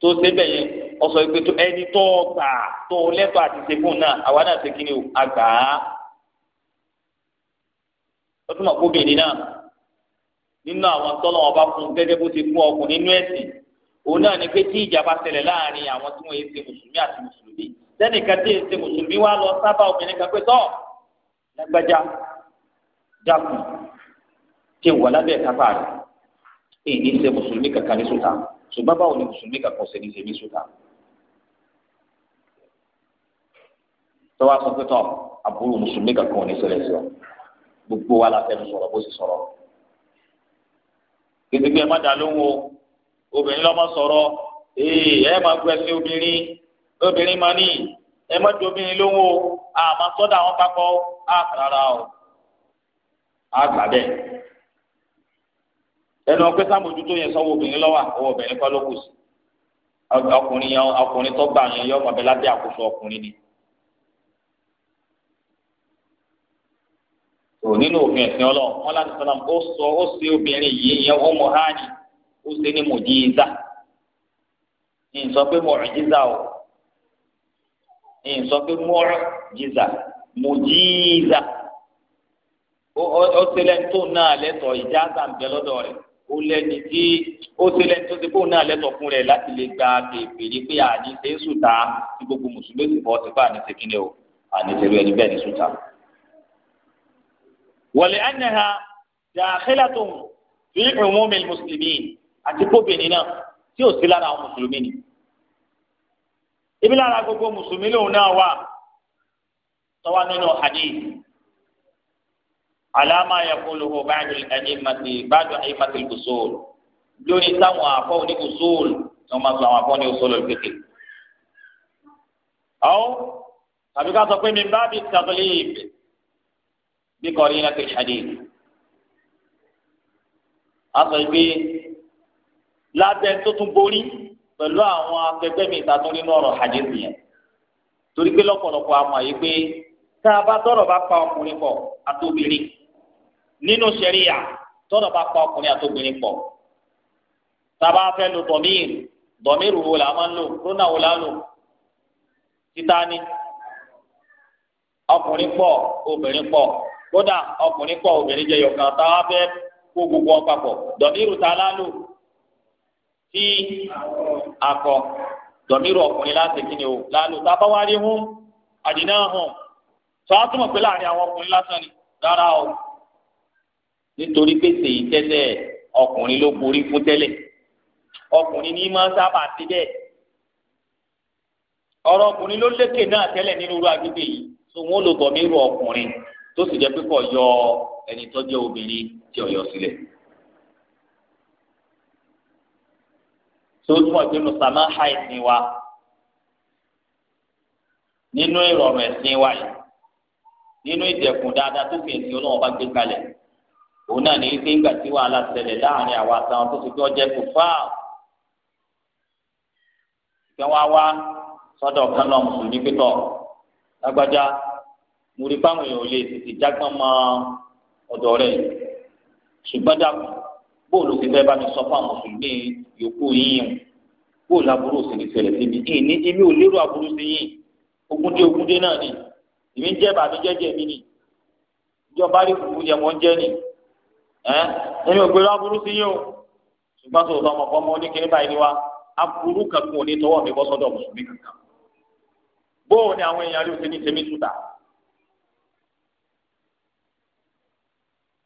tó débẹ̀ yẹn ọsọ ìpè tó ẹni tó gbà tó lẹ́tọ̀ọ́ àti sẹfún náà àwa náà ṣe kí ni o àgbà á. ó tún mọ̀ kó bìnrin náà nínú àwọn tọ́lọ́ wọn bá fún gẹ́gẹ́ bó ti fún ọkùnrin nínú ẹ̀sìn òun náà ni pé tí ìjà bá ṣẹlẹ̀ láàrin àwọn tí wọ́n yé ṣe mùsùlùmí àti mùsùlùmí sẹ́nìkan tí èsè mùsùlùmí wá lọ sábà obìnrin kan pé tọ́ lágbájá dákun tí wà lábẹ́ kápá rẹ̀ èyí ní ṣe mùsùlùmí kankan ní sùtà ṣùgbọ́n báwo ni mùsùlùmí kankan ṣe ní ṣe ní sùtà. tọ́wọ́ sọ pé tọ́ àbúrò mùsùlùmí kankan ò ní ṣẹlẹ̀ sí ọ gbogbo wa la fẹ́ sọ̀rọ̀ bó sì sọ̀rọ̀ kìtìkì ẹ má dà lóhùn o obìnrin lọ́mọ sọ̀rọ̀ ee ẹ má gbẹ sí obìnrin obìnrin má ní ẹ má di obìnrin lóhùn o àmọ́ sọ́dọ̀ àwọn papọ̀ á rárá o á gbà bẹ́ẹ̀ ẹnu ọpẹ sàmójútó yẹn sọ́wọ́ obìnrin lọ́wọ́ àkọ́wọ́ obìnrin kọ́ ló kù sí ọkùnrin yẹn ọkùnrin tó gbà yẹn yọ ọmọ bẹ àkóso ọkùnrin ni so nínú òfin ẹ̀sìn ọlọ́run wọn láti sọ́nà ó sọ ó ṣe obìnrin yìí yẹn ó mọ hánì ó ṣe ní mùjíza ní sọ pé mùjíza o ní sọ pé mùjíza mùjíza ó ṣe lẹ́ni tó náà lẹ́tọ̀ọ́ ìjáza ń bẹ lọ́dọ̀ rẹ̀ ó lẹ́ni tí ó ṣe lẹ́ni tó ṣe kó náà lẹ́tọ̀ọ́ fún rẹ̀ láti lè gba bèbèrè pé àní ṣe é sùta tí gbogbo mùsùlùmí ti bọ́ ti bá àní ṣe kíni o àní ṣe lóyún ẹni bẹ́ẹ̀ ní o ولأنها داخلة في عموم المسلمين أتكو بيننا tí ò sí lára àwọn mùsùlùmí ni ibi lára gbogbo mùsùlùmí lòun náà wà tọ́wá nínú hadith alama yakuluhu báyìí ẹni màtí báyìí ẹni màtí gùsùl lórí táwọn afọ ní gùsùl tí wọn máa sọ àwọn afọ ní gùsùl òkèké. àwọn tàbí ká sọ mi bá bi tàbí lè بقرينة الحديث أصل بي لا تنتظم بوري pẹ̀lú àwọn akẹgbẹ́ mi ìtàtún nínú ọ̀rọ̀ hadith yẹn torí pé lọ́pọ̀lọpọ̀ àmọ́ yìí pé tá a bá tọ̀rọ̀ bá pa ọkùnrin pọ̀ àtòbìnrin nínú ṣẹ̀ríyà tọ̀rọ̀ bá pa ọkùnrin àtòbìnrin pọ̀ tá a bá fẹ́ lo dọ̀míìrì dọ̀míìrì wo la máa ń lò lónà wo la ń lò títa ni ọkùnrin pọ̀ obìnrin pọ̀ kódà ọkùnrin kọ obìnrin jẹ yọkan táwa fẹ́ kó gbogbo ọ papọ̀ dọmírù ta lálò tí akọ dọmírù ọkùnrin láti kíni o lálò tábà wá rí hún àdínà hàn tó a túmọ̀ pé láàrin àwọn ọkùnrin lásán ni rárá o nítorí pé sèyí tẹ́lẹ̀ ọkùnrin ló borí fún tẹ́lẹ̀ ọkùnrin ní máa sábà ti bẹ́ẹ̀ ọ̀rọ̀ ọkùnrin ló lékè náà tẹ́lẹ̀ nínú irú agbègbè yìí tó wọ́n lò bọ̀ ọkùnrin tó sì jẹ́ pé kò yọ ẹni tó jẹ́ obìnrin tí ó yọ sílẹ̀. tó túmọ̀ pé mùsàmá ha ẹ̀sìn wa nínú ìrọ̀rùn ẹ̀sìn wa yìí nínú ìdẹ̀kùn dáadáa tó fi ẹ̀sìn ọlọ́wọ́n bá gbé kalẹ̀ òun náà ní pé ńgbà tí wàhálà ṣẹlẹ̀ láàrin àwa àtàwọn tó ti gbé ọjẹ́ kò fáà ìfẹ́ wa wá sọ́dọ̀ kan náà mùsùlùmí pé lágbájá mo rí báwọn èèyàn ò lè tètè jágbọ́n mọ́ ọ̀dọ̀ rẹ̀ ṣùgbọ́n dàpọ̀ bóòlù ti fẹ́ bá mi sọ fún àwọn mùsùlùmí yòókù yín o bóòlù aburú sì ní ṣẹlẹ̀ síbi ìní èmi ò lérò aburú sí yín ogúndé ogúndé náà ni èmi ń jẹ́ bàbí jẹ́jẹ́ mi ni ìjọba rí fùfú yẹ wọ́n jẹ́ ni ẹ́ ò gbèrò aburú sí yín o ṣùgbọ́n tó sọ ọmọkọ ọmọ oníkiri báyìí ni wa aburú kankan ò ní tọwọ́ mi bọ́ sọ́dọ̀ mùsùlùmí kankan bóòlù àwọn èèyàn rí o ní tèmi túta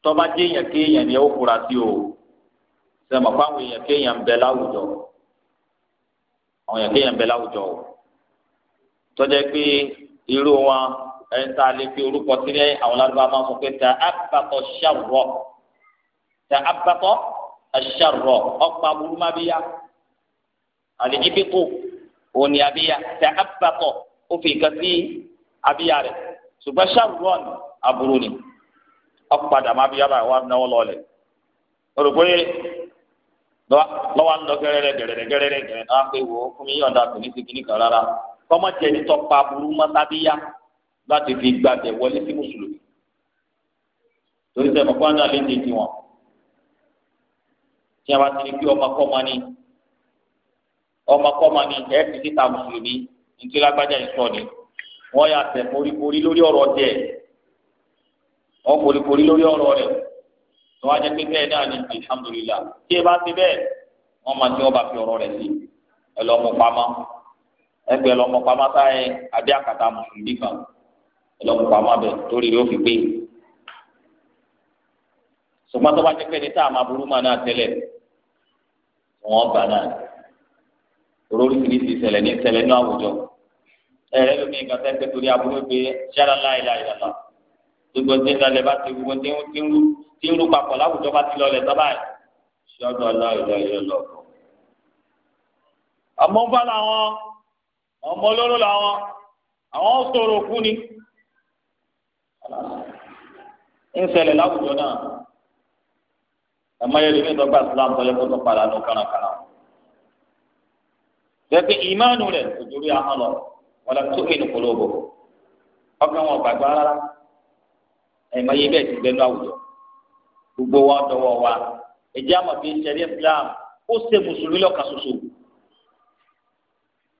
tọ́ba jẹ́ èèyàn kéèyàn ni ó fura sí o sẹ́mọ̀ fáwọn èèyàn kéèyàn bẹ láwùjọ àwọn èèyàn kéèyàn bẹ láwùjọ o tọ́jà pé irú wọn ẹni tá a lè fi orúkọ sílẹ̀ àwọn lárúbá máa ń sọ pé ta abatọ̀ ṣàrọ̀ ta abatọ̀ ṣàrọ̀ ọ̀pá burú má bíyà òní abíyá tẹ abatọ̀ ó fi nǹkan sí abíyá rẹ̀ ṣùgbọ́n ṣàrọ̀ àbúrò ni ọ̀padà máa fi yàrá wa náwó lọ́ọ̀lẹ̀ o rò pé lọ́wọ́ ńlọ gẹ́rẹ́rẹ́ gẹ́rẹ́rẹ́ gẹ́rẹ́rẹ́ gẹ́rẹ́ náà pé wò ó fún mi yọ̀ǹda kò ní ti kíní kan rárá kọ́mọ̀tì ẹni tó pa burú mọ́tàbíyá láti fi gbàgbẹ́ wọlé sí mùsùlùmí torí sẹ́mi kó àná lè dèjì wọn tí a bá ti ní kí ọmọ kọ́ ma ọmọ kọ́ ma ní ẹ̀ fi síta mùsùlùmí ní kí lágbájá yìí sọ ni wọ́n yà tẹ̀ foríkorí lórí ọ̀rọ̀ tẹ̀ wọn kò lè kórí lórí ọ̀rọ̀ rẹ̀ tó wá jẹ́ náà ni alihamudulila tí ẹ bá ti bẹ́ẹ̀ wọn máa tí wọn bá fi ọ̀rọ̀ rẹ̀ sí ẹ lọ mú pamọ́ ẹgbẹ ẹ lọ mú pamọ́ sáyẹ adé àkàtà mùsùlùmí kan ẹ lọ mú pamọ́ abẹ torí yóò fi gbé ṣùgbọ́n tó bá jẹ́ pé ní tá a máa burú máa náà tẹ́lẹ̀ wọn bá náà lórí kìrìsì ìṣẹ̀lẹ̀ ní ìṣẹ̀lẹ̀ ní àwùjọ ẹ̀rẹ́ lómi nǹkan tẹ́ pé torí aburú pé ṣáláńlá ìlà ìlànà gbogbo tí ń lọlẹ̀ bá ti gbogbo tí ń tí ń rú tí ń rú papọ̀ láwùjọ bá ti lọlẹ̀ tọ́ba yìí ṣọ́dọ̀ lọ ìlọ ìlọ lọ. ọmọ ń bá làwọn ọmọ olóró làwọn àwọn sọ̀rọ̀ òkú ni ń ṣẹlẹ̀ láwùjọ náà àmọ́yẹ lómi ìtọ́gbà islam tọ́jú kó tó padà nù kárakára pẹ̀pẹ́ ìmánu rẹ̀ kò ahọ́n lọ wọ́n lọ tó polówó ọkàn wọn gbàgbọ́ rárá ẹ̀mọ yìí bẹ́ẹ̀ ti gbẹ́nu àwùjọ gbogbo wa dọwọ́ wa ẹ̀jẹ̀ àmọ̀ bíi sẹ́rí Islam ó ṣe mùsùlùmí lọ́kàn ṣoṣo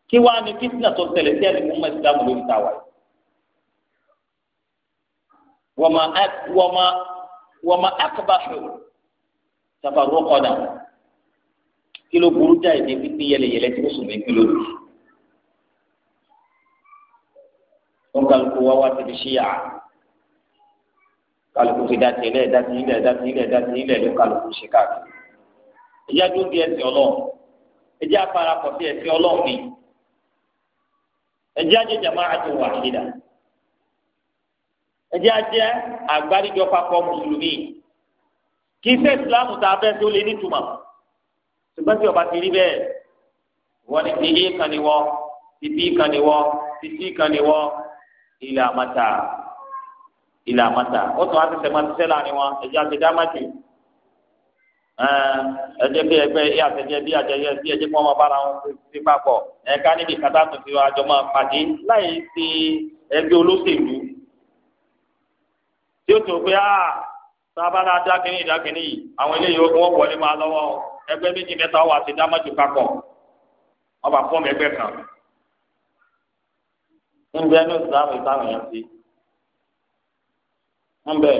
kí wàá ní fitna tó tẹ̀lé sí ẹ̀rí mú Islam lórí ta wa wọ́n ma akabaṣu safaru kọ́dà kí ló burú jáde ní pípín yẹlẹyẹlẹ tí mùsùlùmí kí ló lù. wọn kàlùkù wá wá ti di kálukú ti dá tilẹ̀ dá tilẹ̀ dá tilẹ̀ dá tilẹ̀ ló kálukú ṣe káàkiri. ẹjẹ́ tó di ẹsẹ̀ ọlọ́run ẹjẹ́ aparapọ̀ sí ẹsẹ̀ ọlọ́run ni ẹjẹ́ ajé jama'atu wahida ẹjẹ́ ajé àgbáríjọ papọ̀ mùsùlùmí kì í ṣe ìsìlámù tá a fẹ́ tó lé nítumọ̀ ṣùgbọ́n tí ọba ti rí bẹ́ẹ̀ wọ́n ní ti yé kan ni wọ́n ti bí kan ni wọ́n ti sí kan ni wọ́n ilé àmàta ìlà àmàtà ó tún á ti sẹ́mọ́ ṣiṣẹ́ láàrin wọn ẹ̀jẹ̀ àtẹ̀jẹ́ àmàjù ẹ̀jẹ̀ bí ẹgbẹ́ ẹ̀ àtẹ̀jẹ́ bí àjẹyẹ sí ẹ̀jẹ̀ kí wọ́n máa bára wọn sí papọ̀ ẹ̀ka níbi kàtà tó fi àjọ máa pàdé láì sí ẹgbẹ́ olóṣèlú tí ó tó pé á sábàlá dákínní dákínní yìí àwọn eléyìí wọ́n wọlé máa lọ́wọ́ ẹgbẹ́ méjì mẹ́ta wà sí dámàjù papọ̀ ọba fọ́ọ̀mù ẹgbẹ́ kan ń bẹ́ẹ̀ ní ìsìlámù ìsìlámù yẹn ti ń bẹ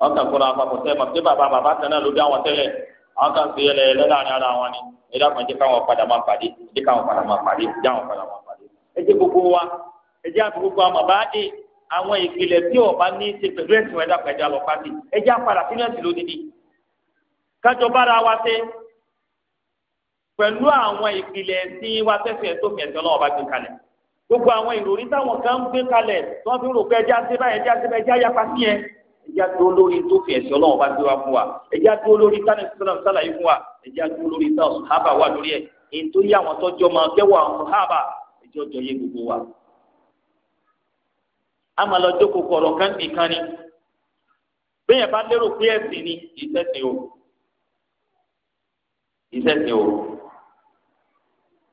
wọn kàn kóra papọ̀ sẹ́yìn pàṣẹ bàbá bàbá kan náà ló dé àwọn tẹ́lẹ̀ àwọn kan sì yẹlẹ yẹlẹ láàrin ara wọn ni ẹ dákun ẹ jẹ́ káwọn padà máa pàdé ẹ jẹ́ káwọn padà máa pàdé ẹ jẹ́ àwọn padà máa pàdé ẹ jẹ́ gbogbo wa ẹ jẹ́ àti gbogbo àmọ̀ bá dé àwọn ìpìlẹ̀ tí ọba ní ṣe pẹ̀lú ẹ̀sìn ẹ̀dá pẹ̀já lọ pàdé ẹ jẹ́ àpàdà sínú ẹ̀sìn lódìdí kájọ bára wa ṣe pẹ̀lú àwọn ìpìlẹ̀ tí wa fẹ́fẹ́ tó fi ẹ̀sìn ọlọ́wọ́ bá gbé kalẹ̀ gbogbo àwọn ìròyìn táwọn kan ń gbé kalẹ̀ tí wọ́n fi rò pé ẹja ṣe báyìí ẹja ṣe báyìí ẹja yapa sí yẹn ẹja dúró lórí tó fi ẹ̀sìn ọlọ́run bá gbé wa fún wa ẹja dúró lórí tani sọlọm sàlàyé fún wa ẹja dúró lórí tani sàhábà wà lórí ẹ̀ èyí tó yí àwọn tọ́jọ́ máa kẹ́wọ́ àwọn sàhábà ẹjọ́ jọ yé gbogbo wa. a máa lọ jókòó kọ̀ọ̀rọ̀ kan ni bẹ́ẹ̀ bá lérò pé ẹ̀sìn ni ìṣẹ̀sìn o ìṣẹ̀sìn o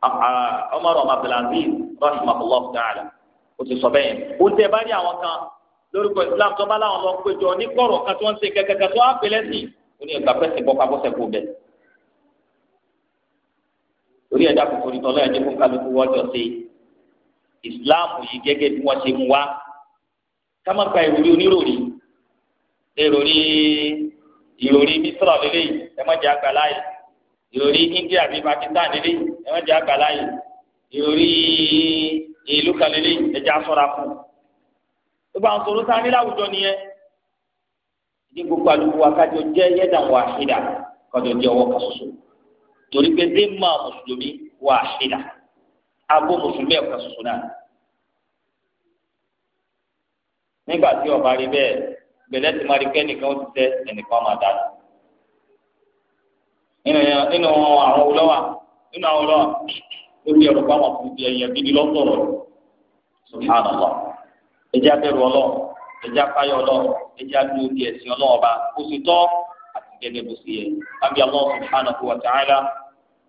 ah, ah, rahimahullah ta'ala o ti sọ bẹ́ẹ̀ yẹn o tẹ bá rí àwọn kan lórúkọ islam tó bá láwọn lọ péjọ ní kọ̀rọ̀ kan tó ń ṣe kẹkẹkẹ tó á pè lẹ́sìn o ní ẹ̀ka pẹ́sì bọ́ pabọ́sẹ̀ kó bẹ̀. orí ẹ̀dá kòkòrò ìtọ́lá ẹ̀jẹ̀ fún kálukú wọ́jọ́ sí islam yìí gẹ́gẹ́ bí wọ́n ṣe mú wa ká má gba ìròrí oníròrí ìròrí ìròrí mísírà lélẹ́yìí ẹ má jẹ́ àgbà láàyè ìròrí india bíi pakistan lélẹ́yìí ẹ má jẹ́ àgbà láàyè ìròrí ìlú kan lélẹ̀ ẹja sọ́ra fún un. gbogbo àwọn sọ̀rọ̀ sáà nílẹ̀ àwùjọ nìyẹn. ìdí gbogbo àlùkò akájọ jẹ́ yẹ́dà wàhídà kọjọ jẹ́ ọwọ́ kan ṣoṣo. torí pé dé máa mùsùlùmí wàhídà agbó mùsùlùmí ẹ̀ka ṣoṣo náà. nígbà tí ọba rí bẹ́ẹ̀ gbẹ̀lẹ́ ti máa rí pé ẹnìkan ó ti tẹ́ ẹnìkan máa dá nínú àwọn olówà nínú àwọn olówà lórí ẹ̀rọ báwọn kò di ẹ̀yẹ gidi lọ́sọ̀rọ̀ subhanallah ẹjẹ́ abẹ́rù ọlọ́ ẹjẹ́ apáyọ̀ ọlọ́ ẹjẹ́ adúló di ẹ̀sìn ọlọ́ọ̀ba ó sì tọ́ àti gẹ́gẹ́ bó sì yẹ lábí Allah subhanahu wa ta'ala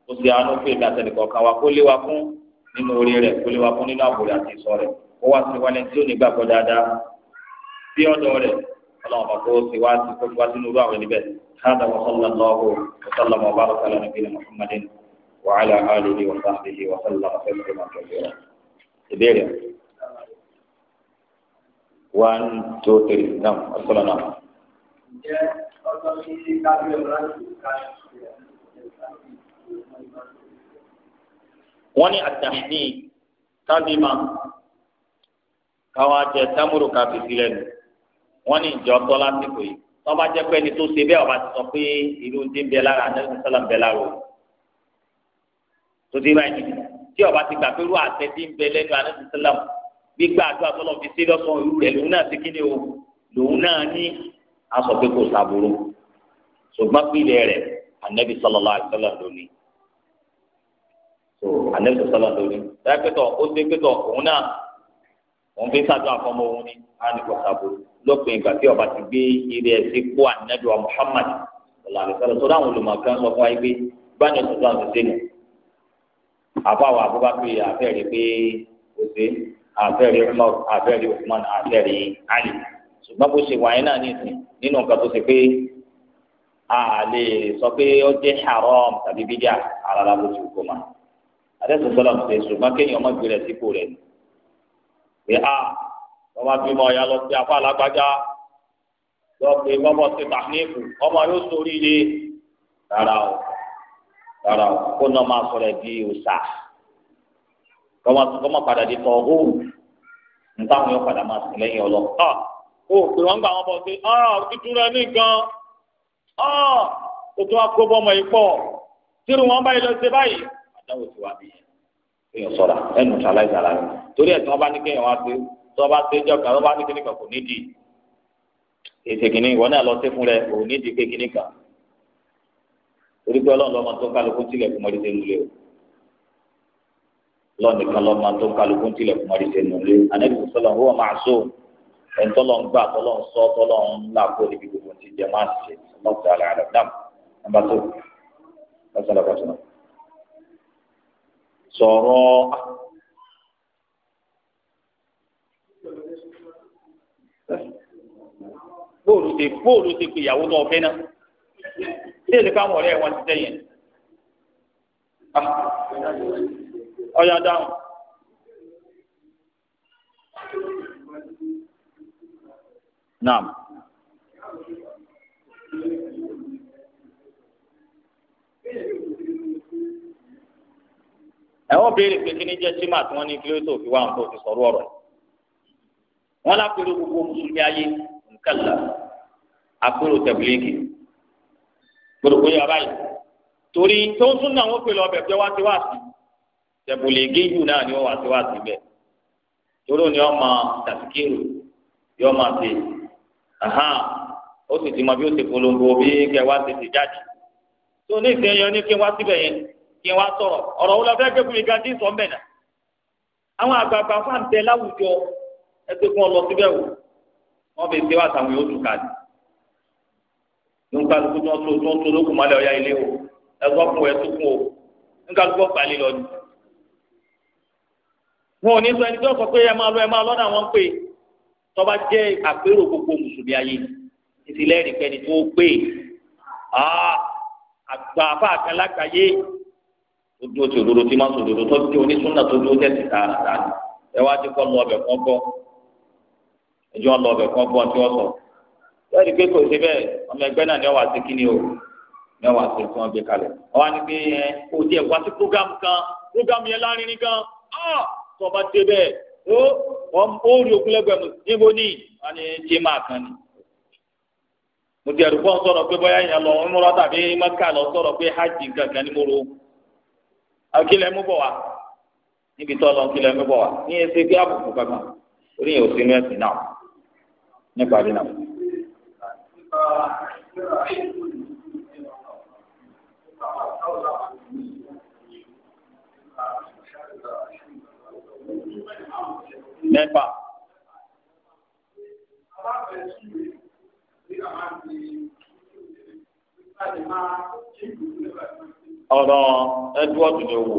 ó sì àánú fún èmi àtẹnìkọ̀ọ̀kan wa kó lé wa fún nínú orí rẹ̀ kó lé wa fún nínú àbúrò àti ìsọ rẹ̀ kó wá sí wálé tí ó ní gbàgbọ́ dáadáa sí ọ̀dọ̀ rẹ̀ ọlọ́run bá kó sì wá sí kó wá sínú irú àwọn ẹni bẹ́ẹ̀ وعلى آله وصحبه وسلم تسليما كثيرا ìbéèrè وان two three nam ọsọlọ náà. ǹjẹ́ ọjọ́ tí kábíyọ̀ láti ká wọ́n ní àtàhìní kábímà káwọn ajẹ támúrò kábí sílẹ̀ nù wọ́n ní ìjọ tọ́ ọba ti sọ pé ìlú ń dín bẹ́ẹ̀ lára àdéhùn sálàm o tó ti báyìí tí ọba ti gbà pé irú àṣẹ ti ń bẹ lẹ́nu anáṣẹ sẹlẹm gbígbà àdúrà tó lọ́n fi sí lọ́sàn-án irú rẹ̀ lòun náà ti kí ni o lòun náà ní aṣọ pé kò sàbúrò ṣùgbọ́n pílẹ̀ rẹ̀ anabi sọlọ́lá àṣọlá lónìí so anabi sọlọ́lá lónìí dáa pẹ́tọ̀ ó dé pẹ́tọ̀ òun náà òun fi sàdó àfọmọ òun ni á ní kò sàbúrò lópin ìgbà tí ọba ti gbé eré ẹsẹ kó anabi wa Muhammad sọlá àṣọlá sọlá àwọn olùmọ̀ọ́kẹ́ sọ fún wa yìí pé báyìí àbáwọ abubakar àfẹẹrí pé òsè àfẹẹrí umar àfẹẹrí usman àfẹẹrí ali ṣùgbọ́n bó ṣe wáyé náà nìsín nínú nǹkan tó ṣe pé a lè sọ pé ó jẹ́ haram tàbí bídíà alára bó ti kó ma àdéhùn sọlá ṣe ṣùgbọ́n kéèyàn má gbé rẹ̀ sípò rẹ̀ pé a ah, wọ́n bá bímọ ọ̀yà lọ sí afá alágbájá lọ pé bọ́bọ̀ ṣe tàníìkù ọmọ yóò sórí ilé rárá o rárá o kó náà máa sọ̀rọ̀ bí òòṣà kọ́mọ padà di tọ́ ó nǹkan àwọn yóò padà máa sìn lẹ́yìn ọlọ. ó pè wọ́n gbà wọ́n bọ̀ sí tuntun rẹ nìkan tuntun akóbọ̀ ọmọ yìí pọ̀ tírù wọn báyìí lọ sí báyìí àdáwò ti wá bí èèyàn sọ̀rọ̀ ẹnu tí aláìsàn ara rẹ̀ torí ẹ̀ tí wọ́n bá ní kéèyàn wá sí tí wọ́n bá sí ẹjọ́ kan tí wọ́n bá ní kíníkan kò nídìí ètè kìíní ìwọ náà lọ sí fún rẹ kò nídìí pé kíníkan torí pé ọlọ́run lọ́mọ tó kálukú tilẹ̀ kú mọ́rí sẹ́nu lé o ọlọ́run nìkan lọ́mọ tó kálukú tilẹ̀ kú mọ́rí sẹ́nu lé anabi sọlọ ń wọ́n máa so ẹ̀ńtọ́lọ́ ń gbà tọ́lọ́ ń sọ tọ́lọ́ ń là kó níbi gbogbo ti jẹ máa ṣe ọlọ́run àlẹ́ àlẹ́ dam nàmbà tó lọ́sọ̀lá pàtó náà bóòlù ti bóòlù ti pè ìyàwó náà fẹ́ náà ilé ìdíkà àwọn ọ̀rẹ́ wọn ti tẹ̀ yẹn. Ah, ọ̀yà dáhùn. Naam. ẹ̀wọ́n béèrè pé kí ni jẹ́ sima tí wọ́n ní kí ló tó fi wá nǹkan tó fi sọ̀rọ̀ ọ̀rọ̀ wọn lápẹ̀rẹ̀ gbogbo mùsùlùmí ayé nǹkan la àpérò tẹ̀bílẹ́kì gbọdọgbọ ya báyìí torí tó ń súnà wọn pè lọ bẹ wá sí wá sí náà ni wọn wá bẹ toró ni wọn máa yọ máa ṣe ahán ó sì ti mọ bí ó polongo bí ti jáde tó ní ní kí wá yẹn kí wá ọrọ wọn lọ tí ń sọ àwọn àgbààgbà lọ wò fi ṣe wá sàwọn yóò nǹkan tó tó tó tó tó lókun mọ́lẹ̀ ọ̀yá ilé o ẹgbọ́ kun ẹ̀ tó kun o nǹkan tó gbalẹ̀ lọ ni. wọn ò ní sọ ẹni tó sọ pé ẹ máa lọ ẹ máa àpérò gbogbo mùsùlùmí ayé tó àgbà afa òdodo tí máa ń sòdodo tó ti onísúnà tó dúró tẹ̀sí ẹ wá ti kọ́ lọ ọbẹ̀ lọ ọbẹ̀ lẹ́ẹ̀rí pé kò sí bẹ́ẹ̀ ọmọ ẹgbẹ́ náà ni ọwọ́ o ni ọwọ́ àti tí wọ́n gbé kalẹ̀ ọwọ́ ni pé ẹ kò tiẹ̀ wá sí programu kan programu yẹn lárinrin kan ah! tó bá dé bẹ́ẹ̀ o ó rí okúnlẹ́gbẹ̀mù níbo ní ni mo ti ẹ̀rù fún sọ̀rọ̀ pé lọ tàbí hajj ni mo ro akílẹ̀ mú bọ̀ wá níbi tó lọ mú wá ní ẹsẹ̀ àbùkù kankan orí yẹn ò sí mẹ́sìn náà nípa mẹ́fà. ọ̀rọ̀ edward ni wò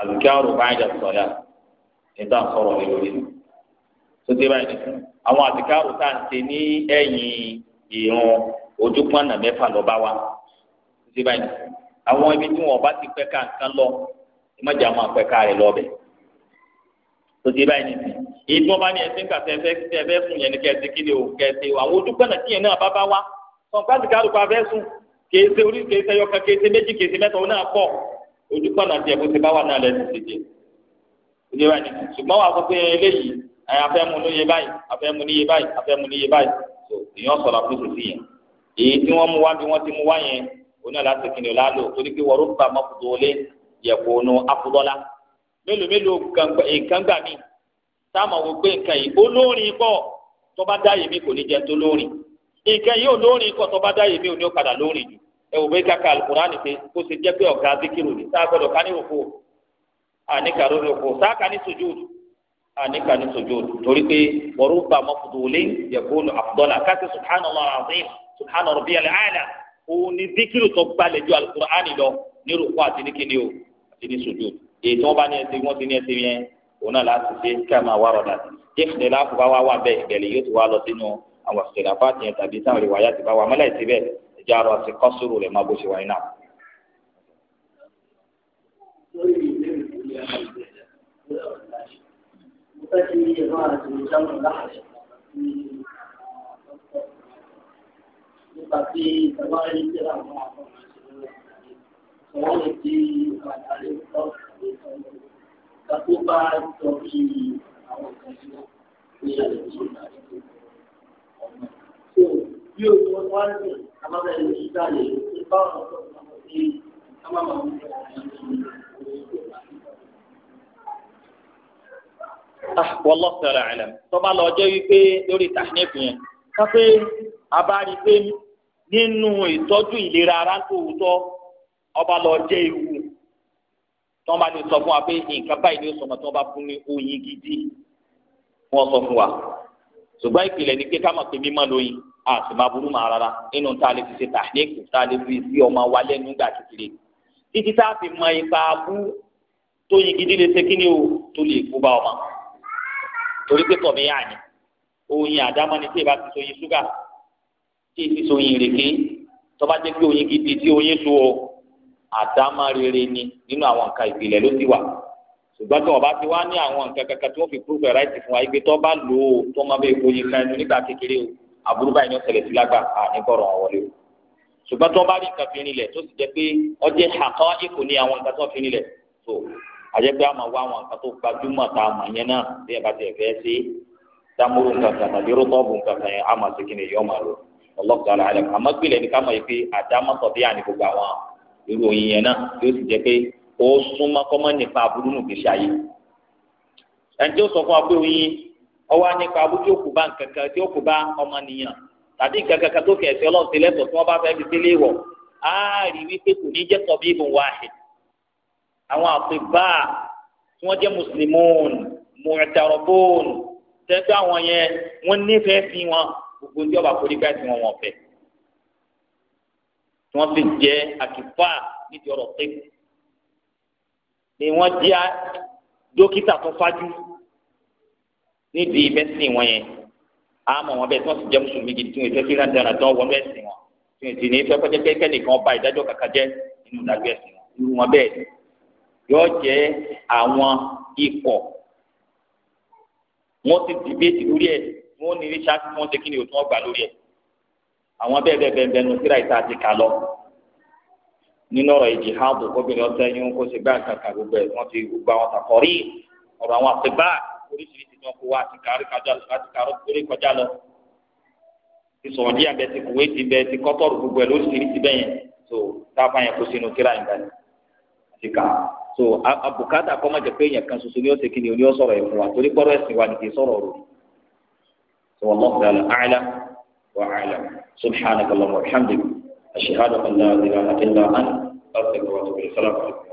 àlùkárù báyìí sọ̀rọ̀ níta sọ̀rọ̀ lórí tó dé báyìí àwọn àlùkárù tá à ń ṣe ní ẹ̀yìn ìrun ojú pọnà mẹ́fà lọba wa ṣe báyìí àwọn ibi tí wọn bá ti pẹ ká nǹkan lọ ìmọ̀jà máa pẹ ká rẹ lọ́bẹ̀ tó ṣe báyìí nìyí èyí tí wọn bá ní ẹsìn kàtẹ fẹ kí ẹ fẹ fún yẹn ní kẹsì kí ni ò kẹsì àwọn ojú pọnà tí yẹn náà bá bá wa sọ̀n pàṣẹ kálukú afẹ́ sùn kèé ṣe orí kèé ṣe yọkan kèé ṣe méjì kèé ṣe mẹ́ta òun náà pọ̀ ojú pọnà tí ẹ bó ṣe bá wà náà lẹ́sìn ṣe jẹ ṣùgbọ́n wà á sọ pé eléyìí afẹ́mu ní iye báyìí afẹ́mu ní iye báyìí afẹ́mu ní iye báyìí tó èèyàn sọ̀rọ̀ àpòtò sí yẹn èyí tí wọ́n mú wá bí wọ́n ti mú wá yẹn oní aláṣẹ kìnìún lálò torí pé wọ́rọ́ bá mọ́kùtò olé yẹ̀kọ́ ọ̀nà afúdọ́lá mélòó mélòó nǹkan gbà mí táwọn àwọn gbé nǹkan yìí olórin pọ̀ tó bá dá yèmí kò ní jẹ́ tó lórin nǹkan yìí olórin pọ̀ tó bá dá yèmí ò ní ó padà lórin jù ẹ wò bẹ́ẹ̀ kàkà alukurani ṣe kó ṣe jẹ́ pé ọ̀gá zikiru ni sáà gbọ́dọ̀ ká ní òkú àníkàró ní òkú sáà ká ní sùjúdù àníkà ní sujud torí pé wọ́rú bá mọ́fùdùlé yakunu afdala káṣí subhanallah azim subhana rabbiyal aala òun ni díkìrì tó gbalẹ̀ ju alukur'ani lọ ní rúkú àti ní kíni o àti ní sujud èyí tí wọ́n bá ní ẹsẹ̀ wọ́n ti ní ẹsẹ̀ yẹn òun náà láti ṣe kí a máa wá rọ̀ dàtí jẹ́kìtẹ̀ láàfù bá wá wà bẹ́ẹ̀ ìgbẹ̀lẹ̀ yóò ti wá lọ sínú àwọn nípa tí ìjọba yìí jẹ́ àwọn àwọn àwọn lè di àgbàlẹ̀ ìtọ́ ìtọ́jú bá jọ bí àwọn ìtọ́jú ní àlejò ìdájọ́ ọ̀nà. so bí o tó wá ní àbábẹ́ ìlú ìdáyẹ̀ ìbá ọ̀nà tó ń bá wọn ní àbábẹ́ ìlú ìdáyẹ̀ ìdáyẹ̀. Ah, wallahu ta'ala alam tọ́ba lọ jẹ́ wípé lórí tàníìfù yẹn ká pé abárí pé nínú ìtọ́jú ìlera ara tó tọ́ ọba lọ jẹ́ ewu tí wọ́n bá lè sọ fún wa pé nǹkan báyìí ló sọmọ tí wọ́n bá fún ní oyin gidi wọ́n sọ fún wa ṣùgbọ́n ìpìlẹ̀ ni pé ká mọ̀ pé mímọ́ lóyin a sì máa burú màá rárá nínú tá a lè fi ṣe tàníìfù tá a lè fi sí ọmọ wa lẹ́nu gbà kékeré títí tá a fi mọ ipa abú tó yin gidi lè ṣe kí ni o tó lè kú bá ọmọ torí pé tọ̀bí yá ni oyin àdámọ́ ni tí ìbá ti so yin ṣúgà tí ìfi so yin ìrèké tọ́ba jẹ́ pé oyin gidi tí oyin so o àdámọ́ rere ni nínú àwọn nǹkan ìpìlẹ̀ ló ti wà ṣùgbọ́n tí wọ́n bá ti wá ní àwọn nǹkan kankan tí wọ́n fi proof ẹ̀ láìsí fún wa ìgbé tó bá lò ó tó máa bẹ́ẹ̀ oyin kan ẹnu nígbà kékeré o àbúrú báyìí ni ó ṣẹlẹ̀ sí lágbà àníbọ̀rọ̀ àwọn wọlé o ṣùgbọ́n tí wọ́n bá rí nǹkan fi rinlẹ̀ tó sì jẹ́ pé ọjẹ́ àkọ́ ìkò ní àwọn nǹkan tó fi rinlẹ̀ tó àjẹpẹ́ àmọ́ wá àwọn nǹkan gbajúmọ̀ tá a mọ̀ yẹn náà bí ẹ bá ti ẹ̀fẹ́ sí dámúrú nǹkan tàbí rútọ́ọ̀bù nǹkan kan yẹn àmọ́ sí kíni yọ̀ọ́ màá lò ọlọ́ọ̀tà ara rẹ̀ àmọ́ gbìlẹ̀ ní ká mọ̀ o pé àdámọ́tọ̀ bí àní gbogbo àwọn irú oyin yẹn náà yóò sì jẹ́ pé ó súnmọ́ kọ́mọ́ nípa aburú nù gbèsè ayé ẹni tí ó sọ fún wa pé oyin ọwọ́ nípa kù bá tí ó kù bá ọmọnìyàn tàbí àwọn àpébà tí wọ́n jẹ́ mùsùlùmọ́ọ̀nù mùtàrọ̀bọ́ọ̀nù tẹ́gbẹ́ àwọn yẹn wọ́n nífẹ̀ẹ́ sí wọn gbogbo ní ọba kórìíká tí wọ́n wọ̀n fẹ́ tí wọ́n fi jẹ́ àkìfà níbi ọ̀rọ̀ pé ni wọ́n jẹ́ dókítà tó fájú níbi mẹ́sìn wọn yẹn àmọ́ wọn bẹ́ẹ̀ tí wọ́n sì jẹ́ mùsùlùmí gidi tí wọ́n fẹ́ fílà dára tí wọ́n wọ́n mẹ́sìn wọn tí wọ́n sì ní fẹ́ kọ́jẹ́ kẹ́kẹ́ nìkan ba ìdájọ́ kàkà jẹ́ nínú ìdájọ́ ẹ̀sìn wọn irú wọn bẹ́ẹ̀ yóò jẹ́ àwọn ikọ̀ wọ́n ti dìbéètì lórí ẹ̀ wọ́n ní richard tí wọ́n ṣe kí ni òtún ọgbà lórí ẹ̀ àwọn bẹ́ẹ̀ bẹ́ẹ̀ bẹ́ẹ̀ bẹ́ẹ̀ nu síra ìta àti kà lọ nínú ọ̀rọ̀ ìjì háàbù kóbìnrin ọ̀sẹ̀ yín kó ṣe gbá nǹkan kan gbogbo ẹ̀ wọ́n ti gbogbo àwọn sàkọ́rí ọ̀rọ̀ àwọn àpébá oríṣiríṣi tí wọ́n kó wá àti kárí kájá lọ àti kárọ́ torí kọjá lọ ti sọ̀rọ̀ díẹ̀ bẹ́ẹ̀ ti kùwé ti bẹ́ẹ̀ ti kọ́tọ̀rù gbogbo ẹ̀ lóríṣiríṣi bẹ́ẹ̀ yẹn tó táfà yẹn kó sínú síra ìgbà àti kà so àbùkátà kọ́ má jẹ́ pé èèyàn kan ṣoṣo ni ó ṣe kí ni oní ọ̀sọ̀rọ̀ ẹ̀ fún wa torí pọ́rọ̀ ẹ̀sìn wa nìkan sọ̀rọ̀ rò so wallahu ta'ala a'lam wa a'lam subhanaka allahumma wa bihamdika ashhadu an la ilaha illa anta astaghfiruka wa atubu ilayk